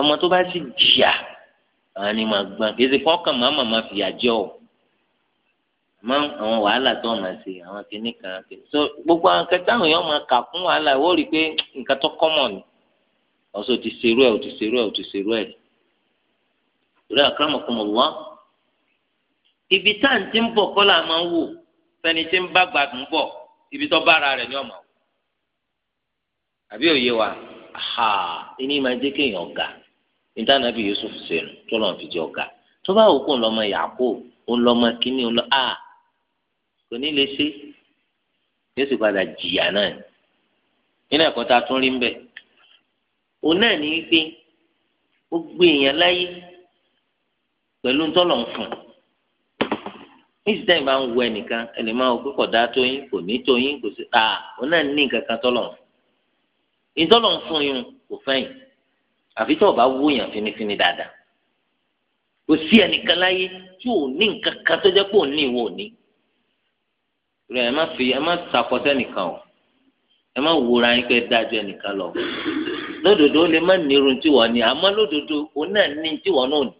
S1: ọmọ tó bá sì jìyà àwọn ni màá gbọn kẹsẹ kọkàn máa màmá fìyà jẹ o mọ àwọn wàhálà tó máa ṣe àwọn kìnnì kan so gbogbo àwọn kẹta àwọn èèyàn máa kà fún wàhálà wọ́n rí i pé nǹkan tó kọ́mọ̀ ni ọ̀sọ̀ ti ṣerú ẹ̀ ò ti ṣerú ẹ̀ ò ti ṣerú ẹ̀ ìrẹ́ akramakumullah ibi tá à ń ti ń bọ̀ kọ́lá máa ń wò fẹ́ni tí ń bá gbádùn bọ̀ ibi tó bára rẹ̀ ni ọmọ àbí òye wa ha iní máa jẹ́ kéèyàn ọ̀gá ìdánábì Yusuf sẹ́nu tó lọ́n fi jẹ́ ọ̀gá tó bá òkú ńlọmọ Yakub ńlọmọ kínní ńlọ a kò ní lè ṣe yóò sì padà jìyà náà nínú ẹ̀kọ́ tá a tún rí ń bẹ̀ òun náà ní wípé ó gbé èèyàn láyé pẹ̀lú ntọ́lọ̀ ń fún nísìsiyìí máa ń wọ ẹnìkan ẹnì máa wọ pípọ̀ dá tó yín kò ní tó yín kò sí ta òun náà ní nǹkan kan tọ́lọ̀ ń ìtọ́lọ̀ ń fún kò fẹ́yìn àfi tó o bá wó yàn finifini dáadáa kò sí ẹnìkan láyé tí ò ní nǹkan kan tó jẹ́ pé òun ní ìwọ òní rẹ ẹ má fi ẹ má sàkọsẹ nìkan o ẹ má wúra yín pé dájú ẹnìkan lọ lódodo lè má nírun tí wọn ní àmọ́ lódodo òun náà ní tí wọn náà ní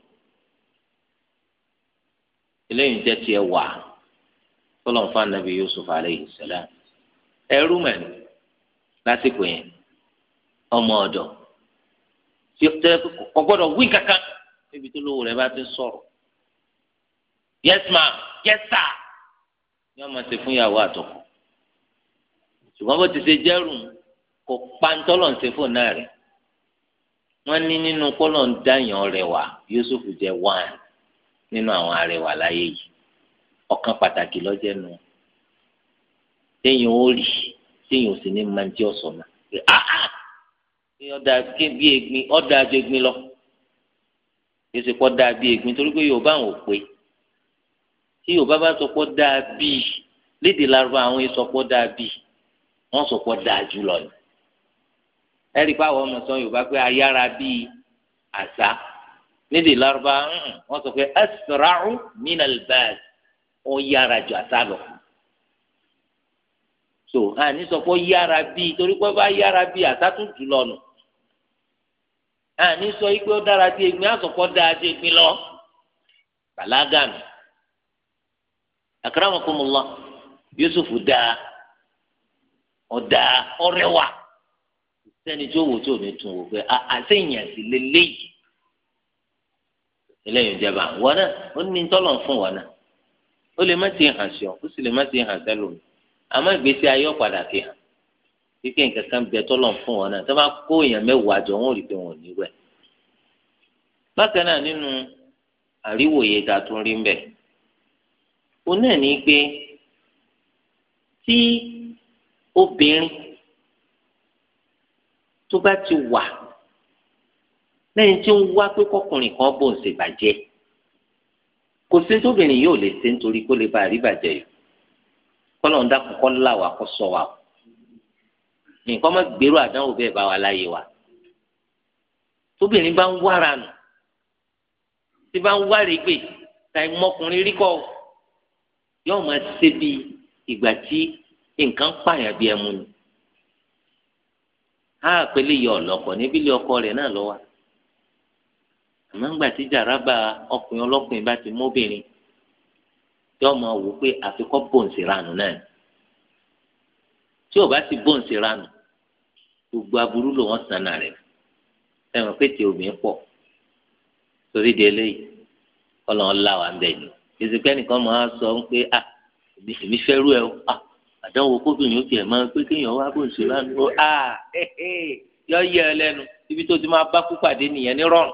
S1: eléyìí jẹ tiẹ̀ wà fọlọmfà nàbí Yusuf aleyhi sẹlẹ ẹrú mẹni lásìkò yẹn ọmọ ọ̀dọ̀ tí kò gbọ́dọ̀ wí kankan níbi tó lówó rẹ bá ti sọ̀rọ̀ yes ma yes ni wọn máa ṣe fún ìyàwó àtọkọ ṣùgbọ́n bó ti ṣe jẹ́rù kò pàǹtọ́lọ̀ ń ṣe fún náà rẹ̀ wọ́n ní nínú kọ́lọ̀ ń dáyàn rẹwà Yusuf jẹ́ wán nínú àwọn arẹwà láyé yìí ọ̀kan pàtàkì lọ́jẹ́ nu téèyàn ó rì téèyàn ò sì ní máa jẹ́ ọ̀sán náà pé ọ̀dà ah, ah! bí egbin ọ̀dà ju egbin lọ èsì pọ̀ dà bí egbin torí pé Yorùbá àwọn ò pé tí yorùbá bá sọpọ̀ dáa bíi lédè larubá àwọn ìsọpọ̀ dáa bíi wọ́n sọpọ̀ dáa jùlọ ni ẹ̀rí báwọn ọmọ sọ yorùbá pé ayára bíi àṣà lédè larubá wọ́n sọ pé asra'u min al ó yára ju àṣà lọ so àní sọpọ̀ yára bíi torí pé bá yára bíi àṣà tún jùlọ nù àní sọ yìí pé ó dára bíi egbin àsọpọ̀ dáa ju lọ bàlágà mi akramakumullah yusuf dáa ọ̀dà ọ̀rẹ́wà sẹ́ni tí ó wò tí ò ní tún wò pé àṣeyàn sí lélẹ́yìí eléyìí ìjọba wọn náà ó ní tọ́lọ̀ fún wọn náà ó lè má ti hàn sí ọ ó sì lè má ti hàn sẹ́lòmí àmọ́ ìgbésí ayé ọ̀padà fi hàn kíkẹ́ nǹkan bẹ tọ́lọ̀ fún wọn náà tó bá kó èèyàn mẹ́wàá jọ wọn rí pé wọn ní wẹ̀. bákan náà nínú àríwòye ta tún rí ń òun náà ní pé tí obìnrin tó bá ti wà lẹ́yìn tí ń wá pé kọkùnrin kan bò ń ṣe bàjẹ́ kò sí tóbìnrin yóò lè ṣe nítorí kó lè bá rí bàjẹ́ yìí kọ́lọ̀ ń dákun kọ́ là wà kó sọ wà nǹkan má gbèrú àdánwò bẹ́ẹ̀ bá wa láyé wa tóbìnrin bá ń wára nù tí bá ń wárí gbè táì mọkùnrin rí kọ́ o yóò máa ṣe bí ìgbà tí nǹkan pààyàn bí ẹmu ni á pélé yọ ọlọkọ níbi ilé ọkọ rẹ̀ náà lọ wa àmọ́ ńgbà tí jàrábà ọkùnrin ọlọ́kùnrin bá ti móbìnrin yóò máa wò pé àfikọ́ bòǹsì ranù náà tí ò bá ti bòǹsì ranù gbogbo aburú ló wọ́n sanà rẹ̀ ẹ̀wọ̀n pété omi pọ̀ torí de ọlọ́run láwa ń bẹ̀ yìí ìsìnkú ẹnìkan máa sọ ń pé à ah, èmi fẹ́ rú ẹ o à ah, àdánwò kóbìnrin ó tiẹ̀ máa pé kéèyàn wá bó ṣe máa ń lo à yọ yẹ ẹ lẹ́nu ibi tó ti máa bá pípàdé nìyẹn nírọ̀rùn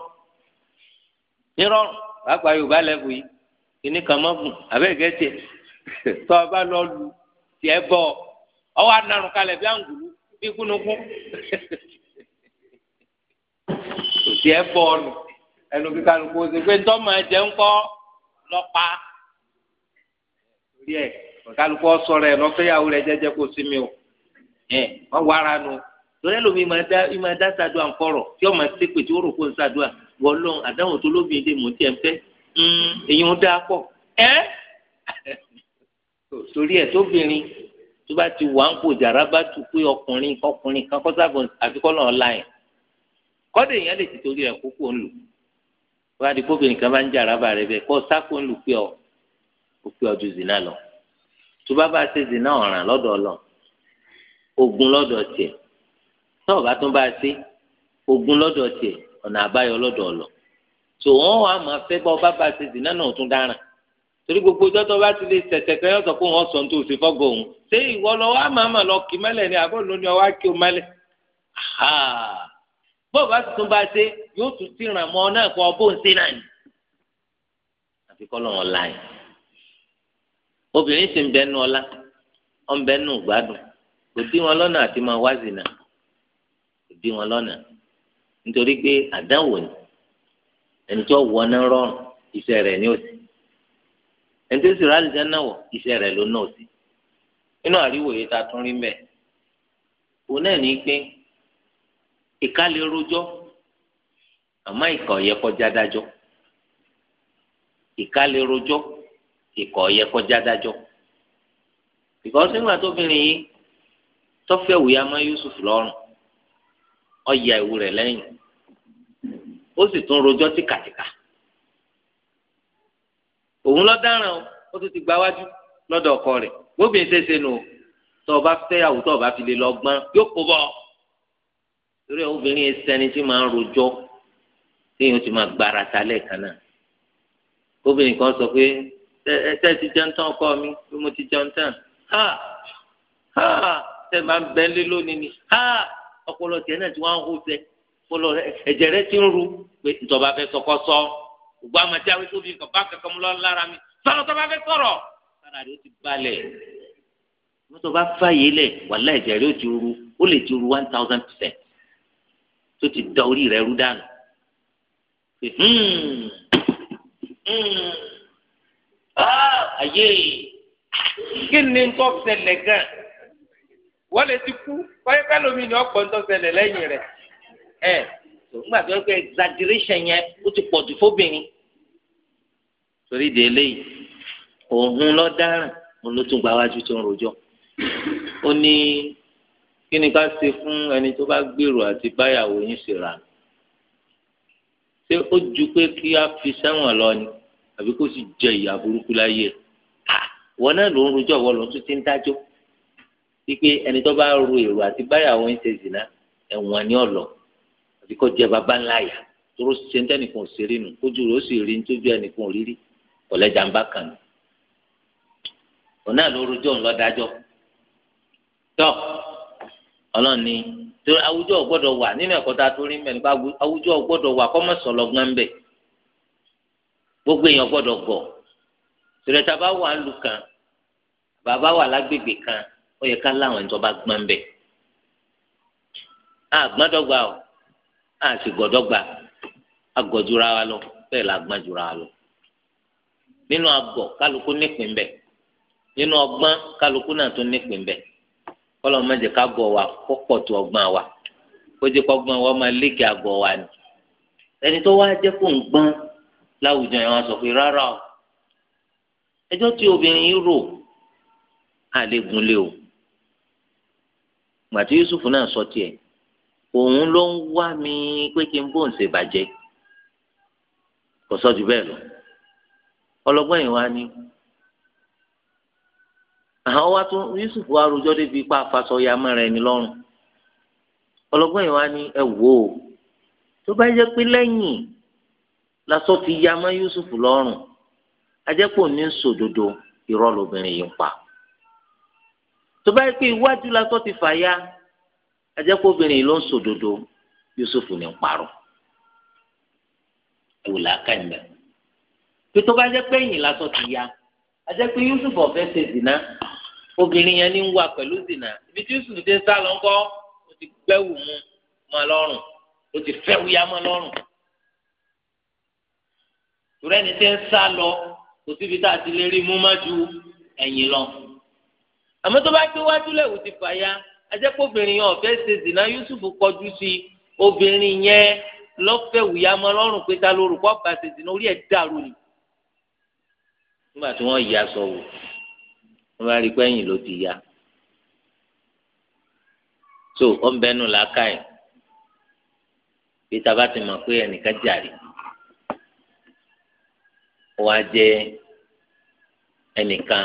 S1: nírọ̀rùn pàápàá Yorùbá lẹ́bù yìí kìnnì kan mọ́ bùn àbẹ́ẹ̀gẹ́ tiẹ̀ tọ́ ọ bá lọ lu tiẹ̀ bọ̀ ọwọ́ anarun kalẹ̀ bí àǹgùrú bí kúnnukún tiẹ̀ bọ̀ ọ̀nù ẹnu kíkanukú ó ti pé ntọ́ máa jẹ́ ńkọ́ lọ́pa torí ẹ̀ kálukú ọ̀sọ̀rọ̀ ẹ̀ lọ́fẹ́yàwó rẹ̀ jẹ́jẹ́ kó sí o ẹ̀ wọ́n wá ara nu torí ẹlòmí ìmọ̀ ẹ̀dá ṣàdúrà ńkọ̀rọ̀ tí ọmọ ṣépè tí ó rò kó ń ṣàdúrà wọ́n lọ àdáhùn tó lóbìnrin dé mò ń tiẹ̀ ń fẹ́ hmm, èyí ń dáa pọ̀ ẹ́ torí ẹ̀ tóbìnrin tó bá ti wà ń kó jàrá bá tu pé ọkùnrin ọkùnrin kan kọ́ sábà àfikọ́ náà láyìn kọ́dé èèyàn lè ti torí ẹ̀ kókó ń lò wọ́n á di kóbìnrin kan bá ń rẹ bẹ́ẹ̀ kó sáko ń ọ zina lọ tó bá bá ṣe zina ọ̀ràn lọ́dọ̀ ogun lọ́dọ̀ tiẹ̀ tó bá tún bá ṣe ogun lọ́dọ̀ tiẹ̀ ọ̀nà àbáyọ lọ́dọ̀ ọlọ tó wà máa fẹ́ bá ọba bá ṣe zina náà tún dáràn torí gbogbo bá ti lè tẹ̀tẹ̀ yọ̀tọ̀ kó sọ ní fọ́gọ̀ ṣé ìwọ lọ lọ mẹ́lẹ̀ ni àbọ̀ ọ kí o mẹ́lẹ̀ bọ́ọ̀ bá tuntun bá ṣe yóò tún ti ràn mọ́ náà kọ́ bó ń ṣe náà ni àfi kọ́ lọ́wọ́ láàyè obìnrin sì ń bẹ nu ọlá ọ̀ ń bẹ nu gbádùn kò dí wọn lọ́nà àti máa wá zina kò dí wọn lọ́nà nítorí pé àdáwò ni ẹni tó wọ ọ́nà rọrùn iṣẹ́ rẹ̀ ni ó sì ẹni tó sì ráàlì jẹ́ náà wọ̀ iṣẹ́ rẹ̀ ló náà sí inú àríwòye ta tún rí mbẹ́ òun náà ní pé ìka lè rojọ́ àmọ́ ìka ọ̀yẹ́ kọjá dájọ́ ìka lè rojọ́ ìka ọ̀yẹ́ kọjá dájọ́ ìkọ́sí ńgbà tóbìnrin yìí tọ́fẹ́ wùyá má Yusuf lọ́rùn ọ̀yà ìwú rẹ̀ lẹ́yìn ó sì tún rojọ́ tìkàtìkà òun lọ dáràn o ó tún ti gba wájú lọ́dọ̀ ọkọ rẹ̀ gbóbìnrin ṣeéṣe nù tọ́ ọ bá fẹ́yàwó tọ́ ọ bá fi lè lọ gbọ́n yóò kó bọ́ ọ torí obìnrin ẹsẹni tí máa ń rojọ́ téèyàn ti máa gbára ta lẹ́ẹ̀kan náà obìnrin kan sọ pé ẹsẹ ti jẹun tán ọkọ mi bí mo ti jẹun tán ha ha ṣe máa ń bẹ lónìí ni ha ọpọlọ tiẹ̀ náà ti wá ń hó sẹ ọpọlọ ẹ̀jẹ̀ rẹ̀ ti ń ru pé ìjọba fẹ́ sọkọ sọ ògbó àmàtí àwọn tóbi nǹkan bá kankan mú lọ lára mi sọlọ tó bá fẹ́ sọ̀rọ̀ lára rẹ̀ ti balẹ̀ mọtò bá fàyè lẹ wàhálà ẹ̀jẹ̀ rẹ̀ ti ru ó lè ti ru one thousand percent tó ti da orí rẹ̀ rú dànù pé hmm, hmm, ah, ayé kí ni tó ṣẹlẹ̀ gan wọ́n lè ti kú wáyé pẹ́lú mi ni ọ̀pọ̀ ń tó ṣẹlẹ̀ lẹ́yìn rẹ̀ ẹ̀ nígbà tó ń pẹ́ exaggeration yẹn ó ti pọ̀ jù fóbìnrin torí de eléyìí òun lọ dáràn òun ló tún gba wájú tó ń rojọ́ ó ní kí ni ká ṣe fún ẹni tó bá gbèrò àti báyàwó yín ṣèrà ṣé ó ju pé kí a fi sẹ́wọ̀n lọ ni àbí kó sì jẹ ìyà burúkú láyé wọn náà ló ń rojọ́ wọn ló tún ti ń dájọ́ wípé ẹni tó bá ro èrò àti báyàwó ń ṣe zìnà ẹ̀wọ̀n ni ọ̀lọ́ àbí kó jẹ bàbá ńlá yà tóró ṣe ń tẹ́nìkan ò ṣe rí nu kójú ó sì rí nítójú ẹnìkan ò ọ̀lẹ́jà ń bá kàn ní. wọn náà ló rojọ́ ńlọ ọlọ́ni tó àwùjọ gbọ́dọ̀ wà nínú ẹ̀kọ́ tá a tó rí mẹ́rin bá àwùjọ gbọ́dọ̀ wà kọ́ mọ́sọ̀lọ́gbọ́n bẹ̀ gbogbo èèyàn gbọ́dọ̀ gbọ́ tòlẹ́ tá a bá wà ń lu kan bàbá wà lágbègbè kan ó yẹ ká láwọn ẹni bá gbọ́n bẹ̀ a gbọ́dọ̀gba o a sì gbọ́dọ̀gba a gbọ́dúra wa lọ bẹ́ẹ̀ la gbọ́dúra wa lọ nínú agbọ̀ kálukú nípìn bẹ́ẹ̀ nínú ọgbọ́n kálukú náà tún nípìn bẹ́ẹ̀ kọlọ má jẹ́ ká gọ̀ wa kó pọ̀ tó ọgbọ́n wa kó kó ni ẹni tó wá jẹ́ kó ń gbọ́n láwùjọ yẹn sọ pé rárá o tí obìnrin yìí rò á lè gunlé o gbàtí Yusuf náà sọ òun ló ń mi pé kí n ń ṣe sọ jù bẹ́ẹ̀ lọ yìí wá àwọn wa tún yusuf wa rojọ́ débi ipa afasọ̀ya mọ́ra ẹni lọ́rùn ọlọ́gbọ́n yìí wá ní ẹ wò ó tó bá jẹ́ pé lẹ́yìn lásán fi ya mọ́ yusuf lọ́rùn ajẹ́pọ̀ ní sòdodo irọ́ lobìnrin yìí ń pa tó bá jẹ́ pé iwájú lásán ti fà ya ajẹ́pọ̀ obìnrin yìí ló ń sòdodo yusuf ní parọ́ ẹ̀wò làákàyè pé tó bá jẹ́ pé ẹ̀yìn lásán ti ya ajẹ́pẹ́ yusuf ọ̀fẹ́ ṣe dìná obìnrin yẹn ní ń wà pẹ̀lú zina ibi tí yusuf ti ń sá lọ ńkọ́ ó ti gbẹ́wò mu mọ́ lọ́rùn ó ti fẹ́ wúyá mọ́ lọ́rùn ìrẹ́ ni ti ń sá lọ kò síbi tá a ti lè rí mú má ju ẹ̀yìn lọ àmọ́ tó bá gbé wájú lẹ́wù ti fà ya ajẹ́pọ̀bìnrin yẹn ọ̀fẹ́ ṣe zina yusuf kọjú sí obìnrin yẹn lọ́fẹ̀ wúyá mọ́ lọ́rùn pé ta lórúkọ bá ṣe zina orí ẹ̀ dàrú ni nígbà tí wọ́n yí aṣọ wò wọn bá rí i pé ẹ̀yìn ló ti ya so ọ̀nbẹ́nu làákàyè peter bá ti mọ̀ pé ẹnìkan jàre wàá jẹ ẹnìkan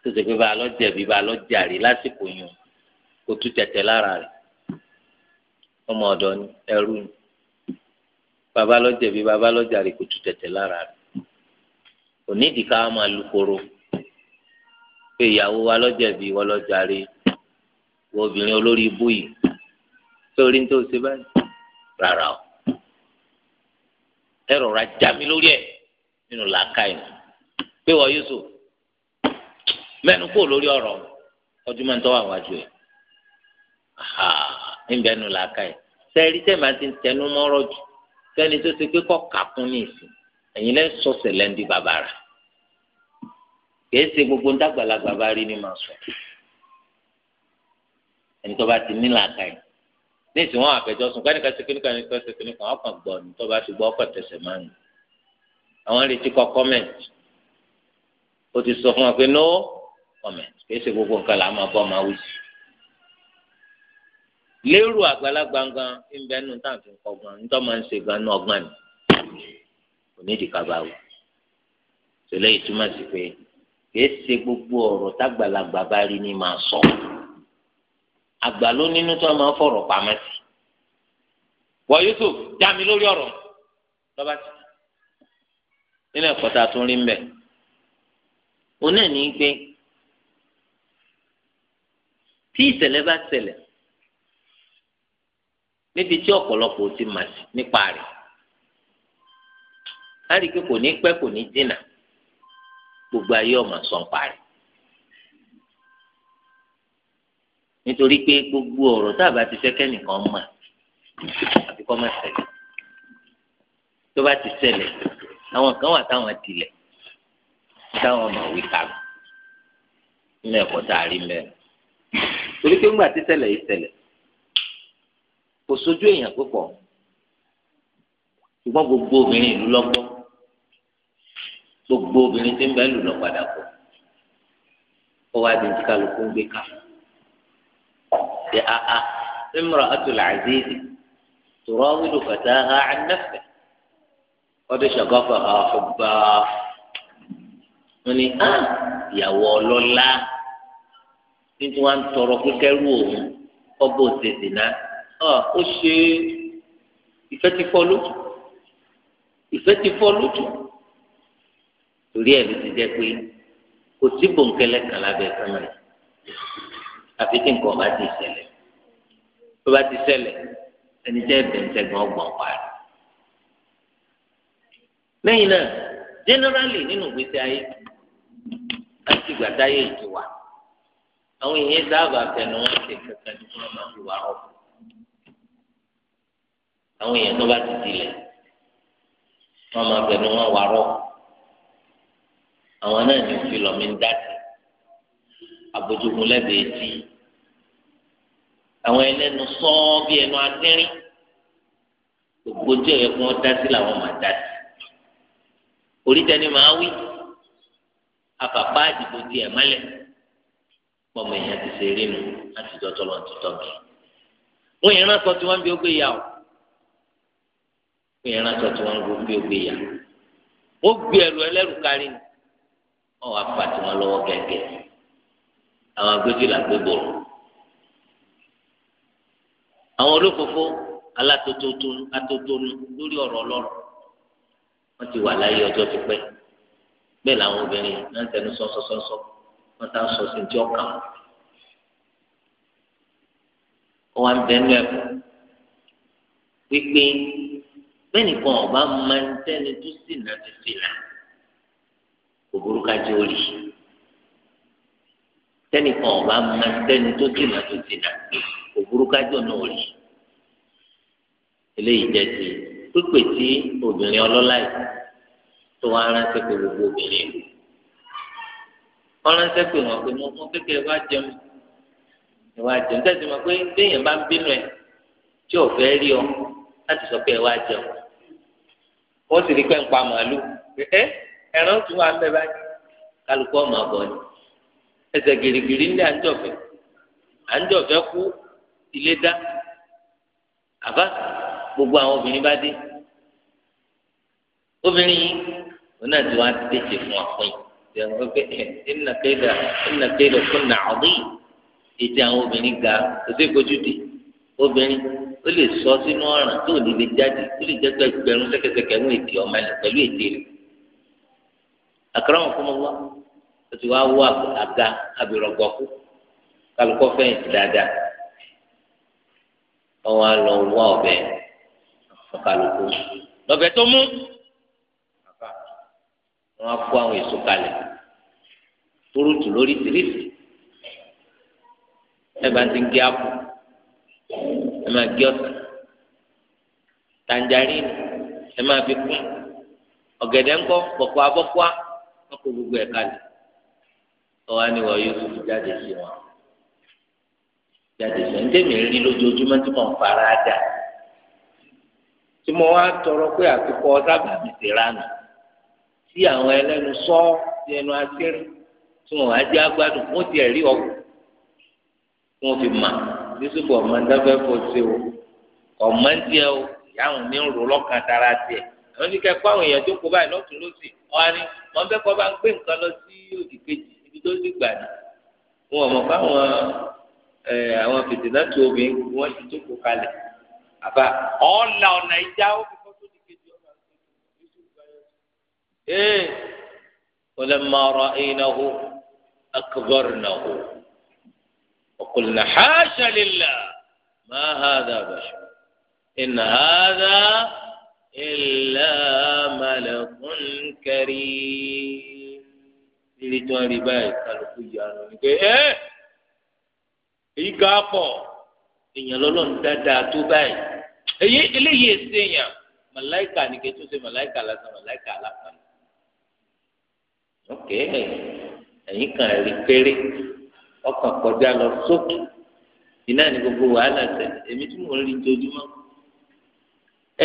S1: tó ṣe pé bá a lọ jẹ̀bi bá a lọ jàre lásìkò yun kó tú tẹ̀tẹ̀ lára rẹ̀ ọmọ ọ̀dọ́ ni ẹrú ni bàbá lọ jẹ̀bi bàbá lára rẹ̀ onídìí ká máa lu koro pé ìyàwó wa lọ́jẹ̀bi ìwọ lọ́jàre wọ obìnrin olórí ibú yìí sórí ní tó ṣe báyìí rárá o ẹ rọra já mi lórí ẹ nínú làákàyè pé wọ Yusuf mẹ́nu kò lórí ọ̀rọ̀ ọdún mẹ́ta wà wájú ẹ̀ aha níbẹ̀ nù làákàyè sẹ́ẹ̀rí tẹ̀mà ti ń tẹnu mọ́rọ̀ jù sẹ́ni tó ti pé kọ́ kàkún ní ìsìn ẹ̀yin lẹ́ sọ̀sẹ̀ bàbá rà kìí ṣe gbogbo ń dàgbàlagbà bá rí ni màá sùn ẹni tó bá ti ní làákà yìí ní ìsìn wọn àfẹjọ sùn kánìkan ṣe kínníkan ní kánìkan ṣe kínníkan wọn kàn gbọ́ ní tó bá ti gbọ́ ọkọ tẹsẹ̀ máa ń àwọn retí kọ comment ó ti sọ fún wa pé no comment kìí ṣe gbogbo nǹkan là á máa bọ́ máa wí sí lérò àgbàlagbà gan ń bẹ nù táǹtì ń kọgbọn ń tọ́ máa ń ṣe gan ní ọgbọ́n ni kò ní ìdíkà bá wù ṣẹlẹ̀ ìtumọ̀ sí pé kìí ṣe gbogbo ọ̀rọ̀ tágbàlagbà bá rí ni máa sọ àgbà ló nínú tó máa fọ̀rọ̀ pamọ́ sí wọ Yusuf já mi lórí ọ̀rọ̀ lọba tí nínú ẹ̀kọ́ tá a tún rí mbẹ òun náà ní í pé tí ìṣẹ̀lẹ̀ bá ṣẹlẹ̀ níbi tí ọ̀pọ̀lọpọ̀ ti mà sí nípa rẹ̀ á pé kò ní pẹ́ kò ní dínà gbogbo ayé ọmọ sọ̀npa rẹ̀ nítorí pé gbogbo ọ̀rọ̀ tá a bá ti fẹ́ kẹ́nìkan mọ̀ àfi kọ́ máa ṣẹlẹ̀ tó bá ti ṣẹlẹ̀ àwọn kan wà táwọn tilẹ̀ táwọn ọmọ wí kàlù nínú ẹ̀kọ́ tá a rí mẹ́rin torí pé ńgbà tí ṣẹlẹ̀ yìí ṣẹlẹ̀ kò sójú èèyàn púpọ̀ ṣùgbọ́n gbogbo obìnrin ìlú lọ́gbọ́n gbogbo obìnrin tí ń bẹ lù lọ padà kọ ó wá di ti kálukú ń gbé ká ṣe àá imra'atul aziz turawidu fataha an nafsihi qad shaghafaha hubba wọn ni á ah, ìyàwó ọlọ́lá nítorí wọn tọrọ kíkẹ́rù òun ọgbọ́n tètè náà ó ṣe ìfẹ́ ti fọ́ lójú ìfẹ́ ti fọ́ lójú torí ẹ̀ ló ti jẹ́ pé kò sí bòńkẹ́lẹ́ kan lábẹ́ sánmà yìí àfi tí nǹkan bá ti ṣẹlẹ̀ tó bá ti ṣẹlẹ̀ ẹni jẹ́ bẹ̀ntẹ́gbọ̀n ọgbọ̀n parí. lẹ́yìn náà generally nínú ìgbésí ayé láti ìgbà táyé ìjì wà àwọn èèyàn dáàbà fẹnu wọn ṣe kankan tí wọn máa fi wà ọ àwọn èèyàn tó bá ti dilẹ̀
S2: wọn máa fẹnu wọn wà
S1: ọ àwọn náà ní fi lọ́mí ń dási àbójúkun lẹ́bẹ̀ẹ́ etí àwọn ẹlẹ́nu sọ́ọ́ bí ẹnu adẹ́rìn gbogbo tí ọ̀yẹ́ kún ọ́ dási làwọn máa dási orítẹ́ni máa wí àpàpá àdìgbò ti ẹ̀ mọ́lẹ̀ pọ̀mọ èèyàn ti ṣe rí nu láti dọ́tọ́ lọ́n ti tọ́bi wọ́n yẹn rántọ́ tí wọ́n bí ó gbé ya o wọ́n yẹn rántọ́ tí wọ́n bí ó gbé ó gbé ẹrù ẹlẹ́rù kárí ni wọn wàá pàtí wọn lọ́wọ́ gẹ́gẹ́ àwọn agbégilà gbé bòrò àwọn olófòfó alátótótónu atótónu lórí ọ̀rọ̀ ọlọ́rọ̀ wọn ti wà láyé ọjọ́ ti pẹ́ bẹ́ẹ̀ làwọn obìnrin náà ń tẹnu sọsọsọsọ wọn tá ń sọ sí ti ọkàn wọn wà ń bẹnu ẹ̀kọ́ pípé bẹ́ẹ̀ nìkan ọba máa ń tẹni tó sì náà ti fi òbúrú ká jẹ́ òrì tẹnìkan ọba máa tẹni tó dènà tó dènà òbúrú ká jẹ́ ọ̀nà òrì eléyìí jẹ́ ti pípé tí obìnrin ọlọ́lá yìí tó wá ránṣẹ́ pé gbogbo obìnrin ìlú wọ́n ránṣẹ́ pé wọ́n pé mo mọ kékeré wá jẹun ìwà jẹun tẹ̀sí mọ̀ pé téèyàn bá ń bínú ẹ̀ tí ò fẹ́ rí ọ láti sọ pé ẹ wá jẹun wọ́n sì rí pé ń pa màálù ẹ́ ẹ̀rọ tún wà bẹ́ẹ̀ báyìí kálukú ọmọ àbọ̀ ni ẹsẹ̀ gìrìgìrì ńlẹ̀ àńjọ̀fẹ́ àńjọ̀fẹ́ kú ilé dá àbá gbogbo àwọn obìnrin bá dé obìnrin yìí wọn náà ti wá tẹ̀sí fún àpín ìjọba pé ẹnìnà kéde ẹnìnà kéde fún nàárí ètò àwọn obìnrin ga òsè kojúde obìnrin ó lè sọ sínú ọ̀ràn tó lè lè jáde ó lè jẹ́ pé ẹgbẹ̀rún sẹ́kẹsẹkẹ ń ètè ọmọ ẹ̀ pẹ̀lú ètè rẹ̀ akramakumullah ó ti wá wọ àga abirọgbọkú kálukọ fẹ̀yìntì dáadáa ọwọ alọ wọ ọbẹ kálukú lọbẹ tó mú wọn á kó àwọn èso kalẹ̀ fúrúùtù lórí tìrìsì ẹ bá ti ń gé apò ẹ máa gé ọsàn tanjarín ẹ máa fi kún ọ̀gẹ̀dẹ̀ ńkọ́ bọ̀kọ́ abọ́kọ́ wọn kó gbogbo ẹ̀ kalẹ̀ ọwọ́ ni wọ́n Yusuf jáde sí wọn jáde sí wọn ǹjẹ́ mi rí lójoojúmọ́ tí mo ń fara dà tí mo wá tọrọ pé àtúkọ sábà mi ti ránà tí àwọn ẹlẹ́nu sọ sí ẹnu asẹ́rẹ́ tí wọn wá jẹ́ agbádùn wọ́n ti ẹ̀rí ọkọ̀ tí wọ́n fi mà Yusuf ọ̀mọ̀ndẹ́fẹ́ fọ́ sí o ọ̀mọ̀ndẹ́ o ìyá àwọn mi ń rò lọ́kàn dára tiẹ̀ wọ́n ní kẹ́kọ́ àwọn èèyàn tó kó báyìí lọ́tún lọ́sì ọ̀hán ni wọ́n fẹ́ kọ́ bá ń gbé nǹkan lọ sí òdì kejì ibi tó sì gbà ní. wọn ò mọ̀ fáwọn àwọn fìtìnà tó obìnrin wọ́n ti tó kó kalẹ̀ àbá ọ̀la ọ̀nà ìjà ó fi kọ́ sódì kejì ọ̀la ee walamma ra'aynahu akbarnahu wa qulna hasha lillah ma hadha bashar in hadha ilà malakun kari lílí tí wọn rí báyìí kálukú yanu ni pé ẹ èyí ga pọ èèyàn lọlọrun dáadáa tó báyìí èyí eléyìí èsì èèyàn màláìkà ni kẹtù ṣe màláìkà lásán màláìkà alápàlẹ ok ẹyin kan rí péré ọkàn kọjá lọ sókè iná ni gbogbo wàhálà tẹ èmi tí mò ń rí ojoojúmọ́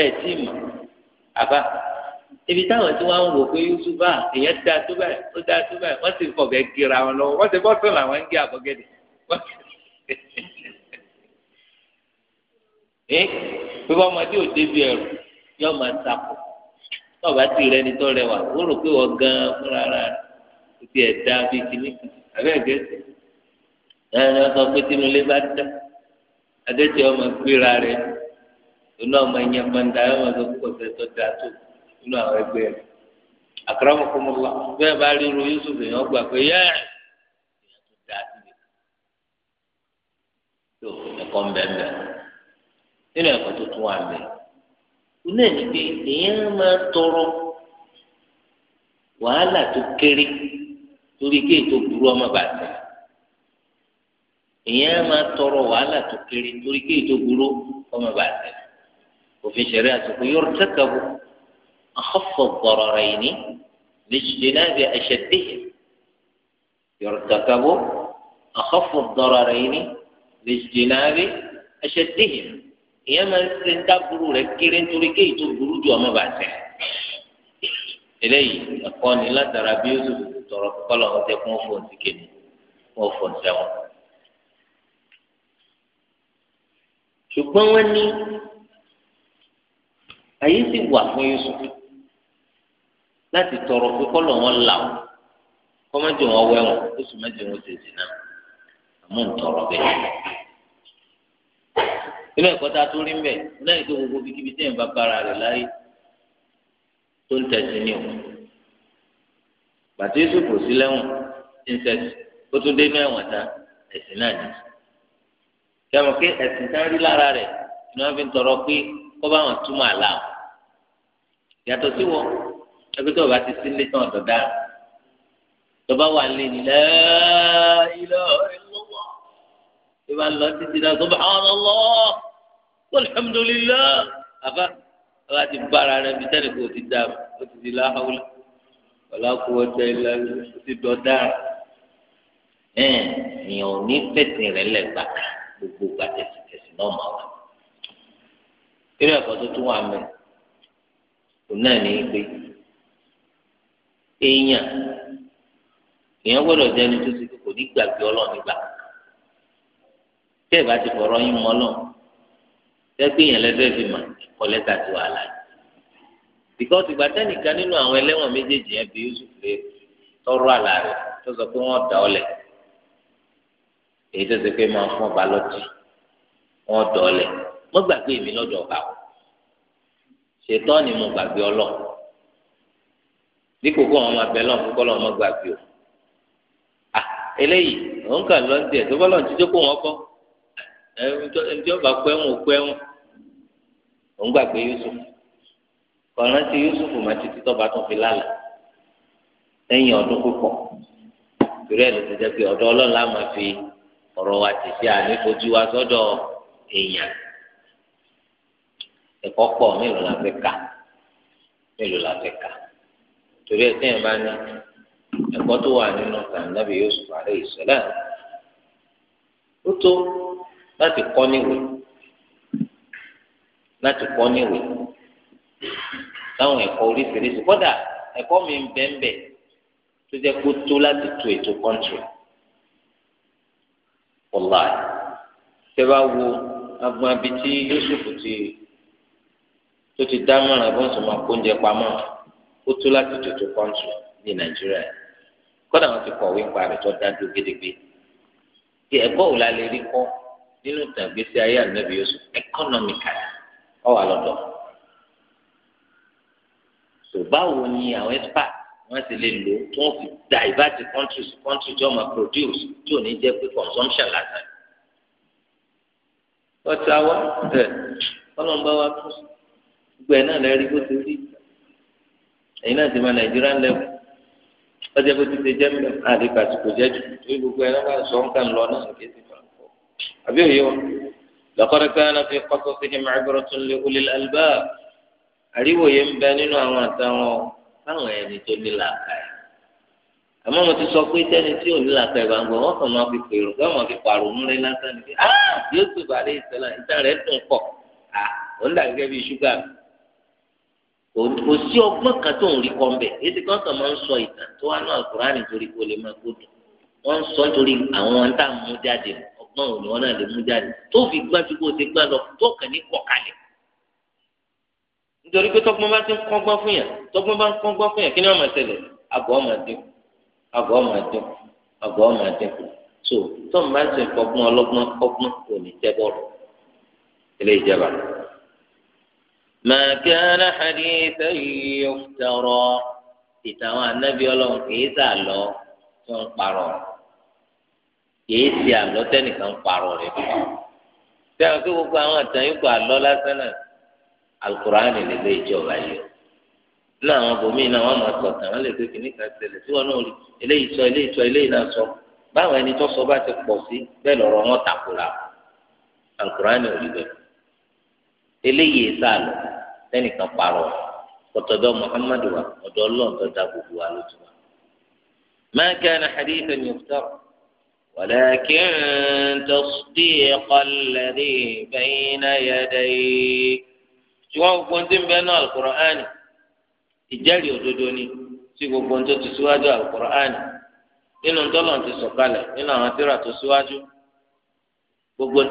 S1: ẹ tí mọ̀ àbá ibi táwọn tí wọn ń wò pé yusufa ah, èèyàn da tó báyìí ó da tó báyìí wọn sì fọbẹ gira wọn lọ́wọ́ wọn sì bọtọ làwọn ń gé àbọgẹdẹ ẹ bí wọn mọ tí ò débi ẹrù yóò máa sapò náà bá ti rẹ ni tó rẹwà ó rò pé wọn gan fúnra rẹ kò tiẹ̀ da bíi kìnnìkan àbẹ́ẹ̀gẹ́ ẹ̀ ẹ̀ ẹ̀ sọ pé tinubu bá dá adẹ́tẹ̀ ọmọ gbéra rẹ̀ inú ọmọ ẹ̀yìn gbọ̀ǹda ẹ̀ wọ́n sọ kókò fẹ́ tó da tó inú àwọn ẹgbẹ́ rẹ̀ àkàràmù kò mọ̀ wá bẹ́ẹ̀ bá ríru Yusuf èèyàn gbà pé yẹ́ ẹ̀ tó da síbi tó ẹ̀kọ́ ń bẹ́ẹ̀ bẹ́ẹ̀ nínú ẹ̀kọ́ tó tún wà bẹ́ẹ̀ inú ẹ̀ ní pé èèyàn máa tọrọ wàhálà tó kéré torí kí ètò burú ọmọ bàtà èèyàn máa tọrọ wàhálà tó kéré torí kí ètò burú ọmọ bàtà òfin ṣẹlẹ àsìkò yóò tẹkẹbù àkọfọ gbọrọrọ yìí ní lẹsìdẹnàbẹ ẹṣẹdẹyẹ yóò tẹkẹbù àkọfọ gbọrọrọ yìí ní lẹsìdẹnàbẹ ẹṣẹdẹyẹ ìyẹn máa ń ṣe ń dábúrú rẹ kéré nítorí kéyìí tó burú ju ọmọ bàtẹ eléyìí ẹ̀kọ́ ni látara bí yóò tọrọ kọlọ ọtẹ kún fún òsìkè ni wọn fò sẹwọn. ṣùgbọ́n wọ́n ní àyè sì wà fún Yusuf láti tọrọ pé kọlọ wọn là ó kọmọdé wọn wẹ wọn oṣù mẹ́jọ wọn ti dì náà àmọ́ ń tọrọ bẹ́ẹ̀ ilé ẹ̀kọ́ tá a tó rí ń bẹ lẹ́yìn tó gbogbo bíkíbi tẹ ẹ bá bára rẹ láyé tó ń tẹsí ní o bàtí Yusuf kò sí lẹ́wọ̀n tí ń tẹsí ó tún dé ní ẹ̀wọ̀n tá ẹ̀sìn náà ní kí a mọ̀ pé ẹ̀sìn tá a rí lára rẹ̀ ni wọ́n fi ń tọrọ pé kó bá wọn túmọ̀ àlá o yàtọ̀ sí wọn ẹgbẹ́ tó o bá ti sí ilé tán ọ̀dọ̀ dáa tó bá wà lé ní ilé ìlọ́wọ́ tó bá lọ títí náà subhanallah walhamdulillah àbá àbá ti bára rẹ bí sẹ́ni kò ti dáa o ti di láhàwùlà wàlá kó o tẹ ilé o ti dọ̀ dáa ẹ̀ ẹ̀ ní o ní fẹ̀sìn rẹ lẹ́gbàá gbogbo gbàdẹ́sì tẹ̀sí náà máa wà eré ẹ̀kọ́ tó tún wà mẹ́ òun náà ní pé èèyàn èèyàn gbọ́dọ̀ jẹ́ ẹni tó ti kò ní gbàgbé ọlọ́run nígbà tẹ́ ẹ̀ bá ti fọ̀rọ̀ yín mọ́ lọ́n tẹ́gbẹ́ èèyàn lẹ́fẹ́ fi mà ẹ̀kọ́ lẹ́tà ti wà láàyè bíkọ́sì ìgbà tẹ́nìkan nínú àwọn ẹlẹ́wọ̀n méjèèjì yẹn bí Yusuf lè tọrọ àlà rẹ̀ tó sọ pé wọ́n dà ọ́ lẹ̀ èyí tó ṣe pé máa fún ọba lọ́tì wọ́n dà ọ́ lẹ̀ mo gbàgbé mi lọ́jọ́ ọba o ṣètọ́ ni mo gbàgbé ọlọ́ dípò kó wọn máa bẹ lọ́n kókó lọ́n mo gbàgbé o à eléyìí òun kà lọ́n tiẹ̀ tó bọ́lọ̀ ti jókòó wọn kọ́ ẹnjọ́ bá pẹ́ wọn ò pẹ́ wọn òun gbàgbé Yusuf kọ̀ọ̀rán ti Yusuf máa ti títọ́ bá tún fi lálẹ́ lẹ́yìn ọdún púpọ̀ torí ẹ̀ ló ti jẹ́ pé ọ̀dọ̀ ọlọ́run láà máa fi ọ̀rọ̀ wa ti ṣe ànífojú wa sọ́dọ̀ èèyàn ẹ̀kọ́ pọ̀ mélòó la fẹ́ kà mélòó la fẹ́ kà torí ẹ̀ sẹ́yìn bá ní ẹ̀kọ́ tó wà nínú tànàbí Yusuf alayhi salam ó tó láti kọ́ níwèé láti kọ́ níwèé láwọn ẹ̀kọ́ oríṣiríṣi kódà ẹ̀kọ́ mi ń bẹ́ẹ̀ bẹ́ẹ̀ tó jẹ́ kó tó láti tu ètò kọ́ńtìrì wọ́láì tẹ́ bá wo agbọn abití Yusuf ti tó ti dá mọ̀ràn bó ń sọ máa kóúnjẹ pamọ́ ó tó láti tètè kọ́ńtù ní nàìjíríà kọ́dà wọn ti kọ̀wé ń parí tó dájú gédégbé kí ẹ̀kọ́ ò la lè rí kọ́ nínú ìtàgbésí ayé ànábì Yusuf economically ọ wà lọ́dọ̀ tó báwo ni àwọn expert wọ́n ti lè lò tó wọ́n fi divert countries countries tí wọ́n máa produce tí ò ní jẹ́ pé consumption lásán ọ̀tá wa ọlọ́run wa tún sí gbogbo ẹ̀ náà lẹ́rìí bó ti rí ẹ̀yin náà ti ma nàìjíríà ń lẹ́kù ọjà bó ti ṣe jẹ́ mi àdé kàtìkò jẹ́ jù torí gbogbo ẹ̀ náà bá sọ ń kàn lọ náà ní kéde kan kọ́ àbí òye wọn lọ́kọ́rẹ́ kan náà fi kọ́kọ́ sí ní màgbọ́rọ̀ tó ń lé olè àlùbá àríwòye ń bẹ nínú àwọn àtàwọn fáwọn ẹni tó ní làákàyè àmọ́ mo ti sọ pé sẹ́ni tí ò ní làkà ìbàngbọ̀n wọ́n kàn máa fi pèrò kí wọ́n fi pààrọ̀ múlé lásán ni pé ah yóò tó balẹ̀ ìsẹ̀lá ìta rẹ̀ dùn pọ̀ ah òun dà gẹ́gẹ́ bí ṣúgà mi kò sí ọgbọ́n kan tó ń rí kọ́ mbẹ́ ètò kan kan máa ń sọ ìtàn tó wà ní àkùrá nítorí kó lè máa kó dùn wọ́n ń sọ nítorí àwọn ń tà mú jáde ọgbọ́n òní wọn náà lè mú jáde tó fi gbájú kó o ti gbá lọ tó kàn ní kọ̀kalẹ̀ nítorí pé tọgbọ́n bá ti ń kọ́gbọ́n fún yàn tọgbọ́n bá ń kọ́gbọ́n fún yàn kí ni wọ́n máa ṣẹlẹ̀ àgọ́ ọmọ àdínkù àgọ́ ọmọ àdínkù àgọ́ ọmọ àdínkù so tó ń bá ti ń kọ́gbọ́n ọlọ́gbọ́n ọgbọ́n òní jẹ́ bọ́ọ̀lù ilé ìjẹba lọ. ما كان حديثا يفترى ìtàwọn ànábì Ọlọ́run kìí sà lọ tó ń parọ́ kìí sì àlọ tẹnìkan parọ́ rẹ̀ tí a kí gbogbo àwọn àtàn yìí kò àlọ lásán náà alukuraani lè lé ìjọba yìí o ní àwọn bòmíì náà wọn máa sọ tàn wọn lè gbé kìnnì kan ṣẹlẹ̀ tí wọn náà rí eléyìí sọ eléyìí sọ eléyìí náà sọ báwọn ẹni tó sọ bá ti pọ̀ sí bẹ́ẹ̀ lọ́rọ̀ wọn tàkùrà alukuraani ò rí bẹ́ẹ̀. eléyìí sálọ lẹ́nìkan parọ ọtọdọ muhammadu wa ọ̀dọ̀ Ọlọ́run tó dá gbogbo wa lójú ma kana hadithan yuftar walakin tasdiqa alladhi bayna yadayhi. ṣùgbọ́n gbogbo ndí bẹ́ẹ̀ náà alukur'ani ìjẹ́rìí òdodo ni sí gbogbo síwájú nínú ti sọ̀kalẹ̀ nínú àwọn tó síwájú gbogbo ń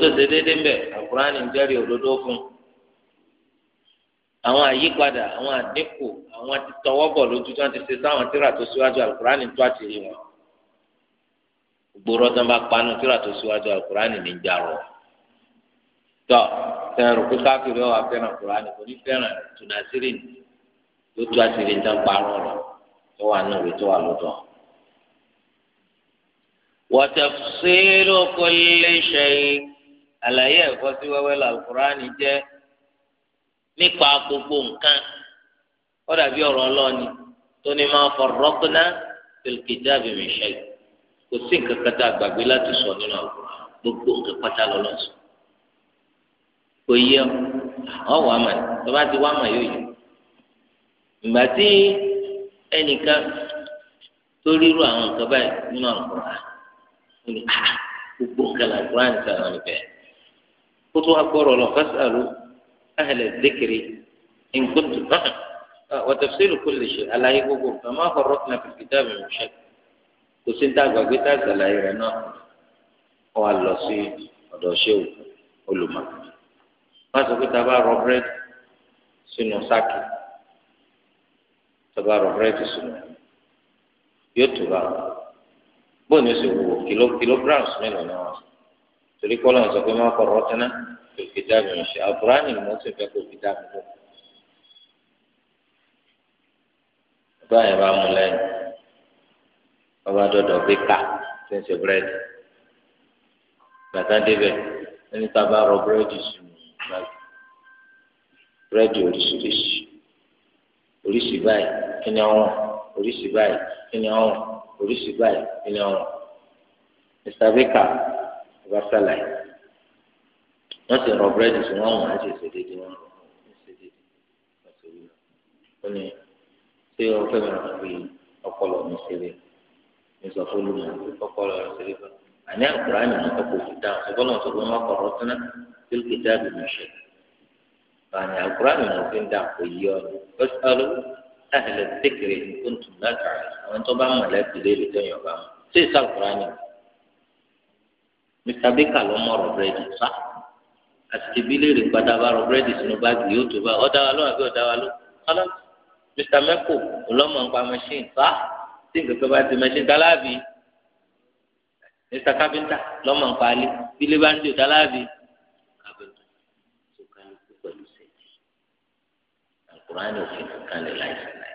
S1: ìjẹ́rìí òdodo fún un. àwọn àyípadà àwọn àdínkù àwọn ti tọwọ́ bọ̀ lójú tí wọ́n ti ṣe sáwọn tíra tó síwájú alukurani tó àtìrí wọn gbòòrò tó ń bá panu tíra tó síwájú alukurani ní jarọ tọ sẹrù kó káfíìrì ọwọ afẹ́ràn kurani kò ní fẹ́ràn tùnásírì tó tó àtìrí ń tán parọ́ tó wà nù rẹ̀ tó wà lọ́dọ̀. wọ́tẹ̀fṣẹ́lú kò lè ṣe àlàyé ẹ̀kọ́ sí wẹ́wẹ́ lọ jẹ́. nípa gbogbo nǹkan ó dàbí ọ̀rọ̀ ọlọ́ọ̀ni tó ní máa farraqna fil kitabi min kò sí nǹkan kan tá a gbàgbé láti sọ nínú gbogbo nǹkan pátá lọ́lọ́sọ kò ọ wà mà tó bá ti wà mà yóò yẹ ìgbà tí ẹnìkan tó ríru àwọn nǹkan báyìí nínú ah, gbogbo nǹkan kó tó wá gbọ́rọ̀ lọ أهل الذكر إن كنتم وتفصيل كل شيء على يقول فما فرقنا في الكتاب من شيء كسنتا غبيتا على يرنا هو الله سي ودوشيو علماء ما سكت أبا روبرت سينوساكي تبا روبرت سنو يوتيوب بونيسي هو كيلو كيلو جرامز منو نواس تريكولا سكت ما فرقنا tó fi dá mi ṣe àbúránì ni mo sì fẹ́ kó fi dá mi lọ. bá yẹn bá mú lẹ́yìn ọba dọ̀dọ̀ bíkà tí ń ṣe búrẹ́dì bàtà débẹ̀ ẹni tá a bá rọ búrẹ́dì sùn báyìí búrẹ́dì oríṣiríṣi oríṣi báyìí kí ni ọ̀hún oríṣi báyìí kí ni ọ̀hún oríṣi báyìí kí ni ọ̀hún mr bíkà ọba sálàyé wọ́n ti rọ búrẹ́dì sí wọ́n wọ́n á sì ṣe déédéé wọ́n rọ wọ́n ṣe déédéé wọ́n ṣe wí ó ní ṣé o fẹ́ mi ràn fi ọpọlọ mi ṣeré mi sọ fún olùmọ̀ pé ọpọlọ mi ṣeré fún àní àkùrá ni mo kọ́kọ́ fi dáhùn ṣùgbọ́n náà sọ pé wọ́n kọ̀ ọ́ tún náà tí ó kì í dáàbò mi ṣe àní àkùrá ni mo fi ń dà kó yí ọ ní pẹ́sítọ́lù láhìlẹ̀ tẹ́kẹ̀rẹ́ ní àti tìbílẹ̀ rẹ̀ padà bá rọ búrẹ́dì sínú báàgì yóò tó bá ọ̀dà wa lọ́wọ́ àbí ọ̀dà wa ló kọ́lá mr mẹ́kò ọlọ́mọ nípa mẹ́ṣíìn fa tí nǹkan kan bá ti mẹ́ṣíìn dáláàbì mr kábíńtà lọ́mọ nípa alẹ́ bílẹ̀ bá ń dò dáláàbì kábíńtà tó kálukú pẹ̀lú sẹ́ẹ̀tì àkùránì òfin kankan lè láìsí láì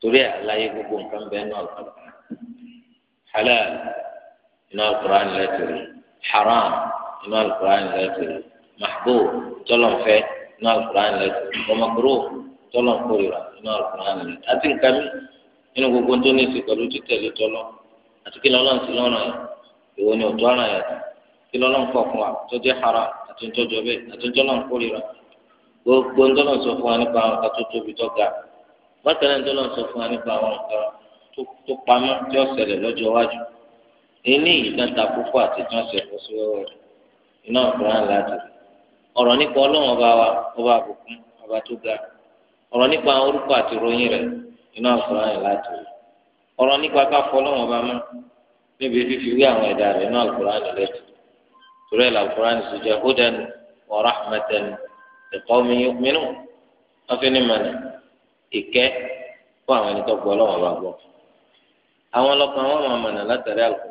S1: torí àlàyé gbogbo nǹkan bẹ́ẹ̀ náà kọ́ halal náà kùránì lẹ́tọ̀ọ́ haram inú alukur'an lẹ́tọ̀ mahbo tọ́lọ̀fẹ́ inú alukur'an lẹ́tọ̀ ọmọkúrò tọ́lọ̀kórira inú alukur'an lẹ́tọ̀ àti nǹkan mi nínú gbogbo tó ní ìsìn pẹ̀lú títẹ̀lé tọ́lọ̀ àti kí lọ́lọ́run ti lọ́ràn yẹn ìwọ ni òtún ọ̀ràn yẹn kí lọ́lọ́run kọ̀ fún wa tó jẹ́ hara àti ntọ́jọ́ bẹ́ẹ̀ àti ntọ́lọ̀kórira gbogbo ntọ́lọ̀ sọ fún wa nípa àwọn kan tó tóbi tó ga bákan náà ntọ́lọ̀ sọ fún wa nípa àwọn kan tó pamọ́ tí ó ṣẹlẹ̀ lọ́jọ́ iwájú eléyìí náà àti tí wọ́n ṣẹlẹ̀ iná ọ̀kùnrin aláàtò ọ̀rọ̀ nípa ọlọ́run ọba wa ọba àbùkún ọba tó ga ọ̀rọ̀ nípa orúkọ àti ròyìn rẹ̀ iná ọ̀kùnrin aláàtò ọ̀rọ̀ nípa káfọ ọlọ́run ọba mọ́ níbi fífi wí àwọn ẹ̀dá rẹ̀ iná ọ̀kùnrin aláàtò torí ẹ̀ làkùnrin sọjá hudan wa rahmatan li qawmin yu'minun wọ́n fi ní mọ̀nà ìkẹ́ fún àwọn ẹni tó gbọ́ ọlọ́run ọba gbọ́ àwọn ọlọ́kùnrin wọn máa mọ̀nà látàrí àlùkò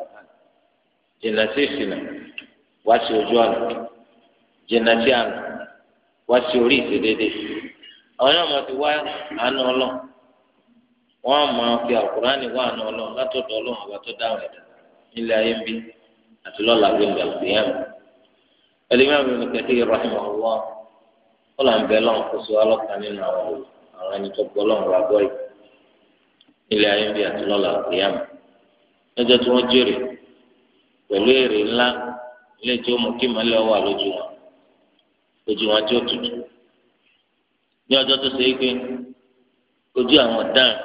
S1: jìnnà sí ìsìnà wá sí ojú ọ̀nà jìnnà sí àná wá sí orí ìṣedédé àwọn yóò máa ti wá àánú ọlọ́ wọn máa fi àkùránì wá àánú ọlọ́ látọ̀dọ̀ ọlọ́run ọba tó dáhùn ẹ̀dá nílé ayé ń bí àti abụọ gbẹ̀ngà ìyàmù ẹlẹ́mìí àwọn ènìyàn kẹ́kẹ́ yẹn rahim ọlọ́ ọlọ́ ń bẹ lọ́n kó ọlọ́kan nínú àwọn àwọn ẹni tó gbọ́ lọ́n gbọ́
S2: yìí ayé ń bí àti
S1: tí wọ́n ilé tí ó mú kí mọ́lẹ̀ wà lójú wọn lójú wọn tí ó tutù ní ọjọ́ tó ṣe é pé ojú àwọn ọ̀daràn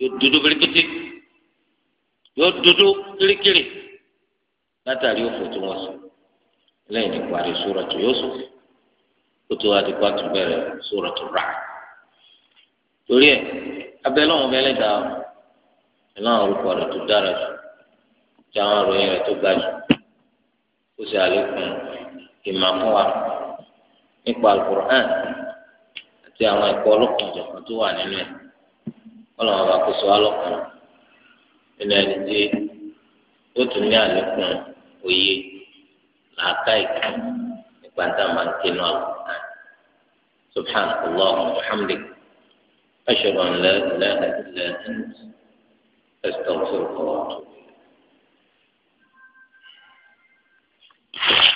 S1: yóò dúdú birikiti yóò dúdú kirikiri látàrí òfò tí wọ́n sọ lẹ́yìn ní parí Suratu Yusuf kó tó wá di pàtó bẹ̀rẹ̀ Suratu Ra'd torí ẹ̀ abẹ́lọ́wọ̀n bẹ́lẹ̀ dáa ẹ̀ náà orúkọ rẹ̀ tó dára jù tí àwọn ìròyìn rẹ̀ tó ga jù ó ṣe àlékún ìmọ̀ fún wa nípa alukur'an àti àwọn ẹ̀kọ́ ọlọ́kùnjọ̀kan tó wà nínú ẹ̀ ọlọ́run bá kó sọ alọ́kùn nínú ẹni tí ó tún ní àlékún òye làákàyè nípa tá a máa ń kínú alukur'an subhanahu allahumma wa hamdik an la ilaha illa anta astaghfiruka wa atubu. Yeah.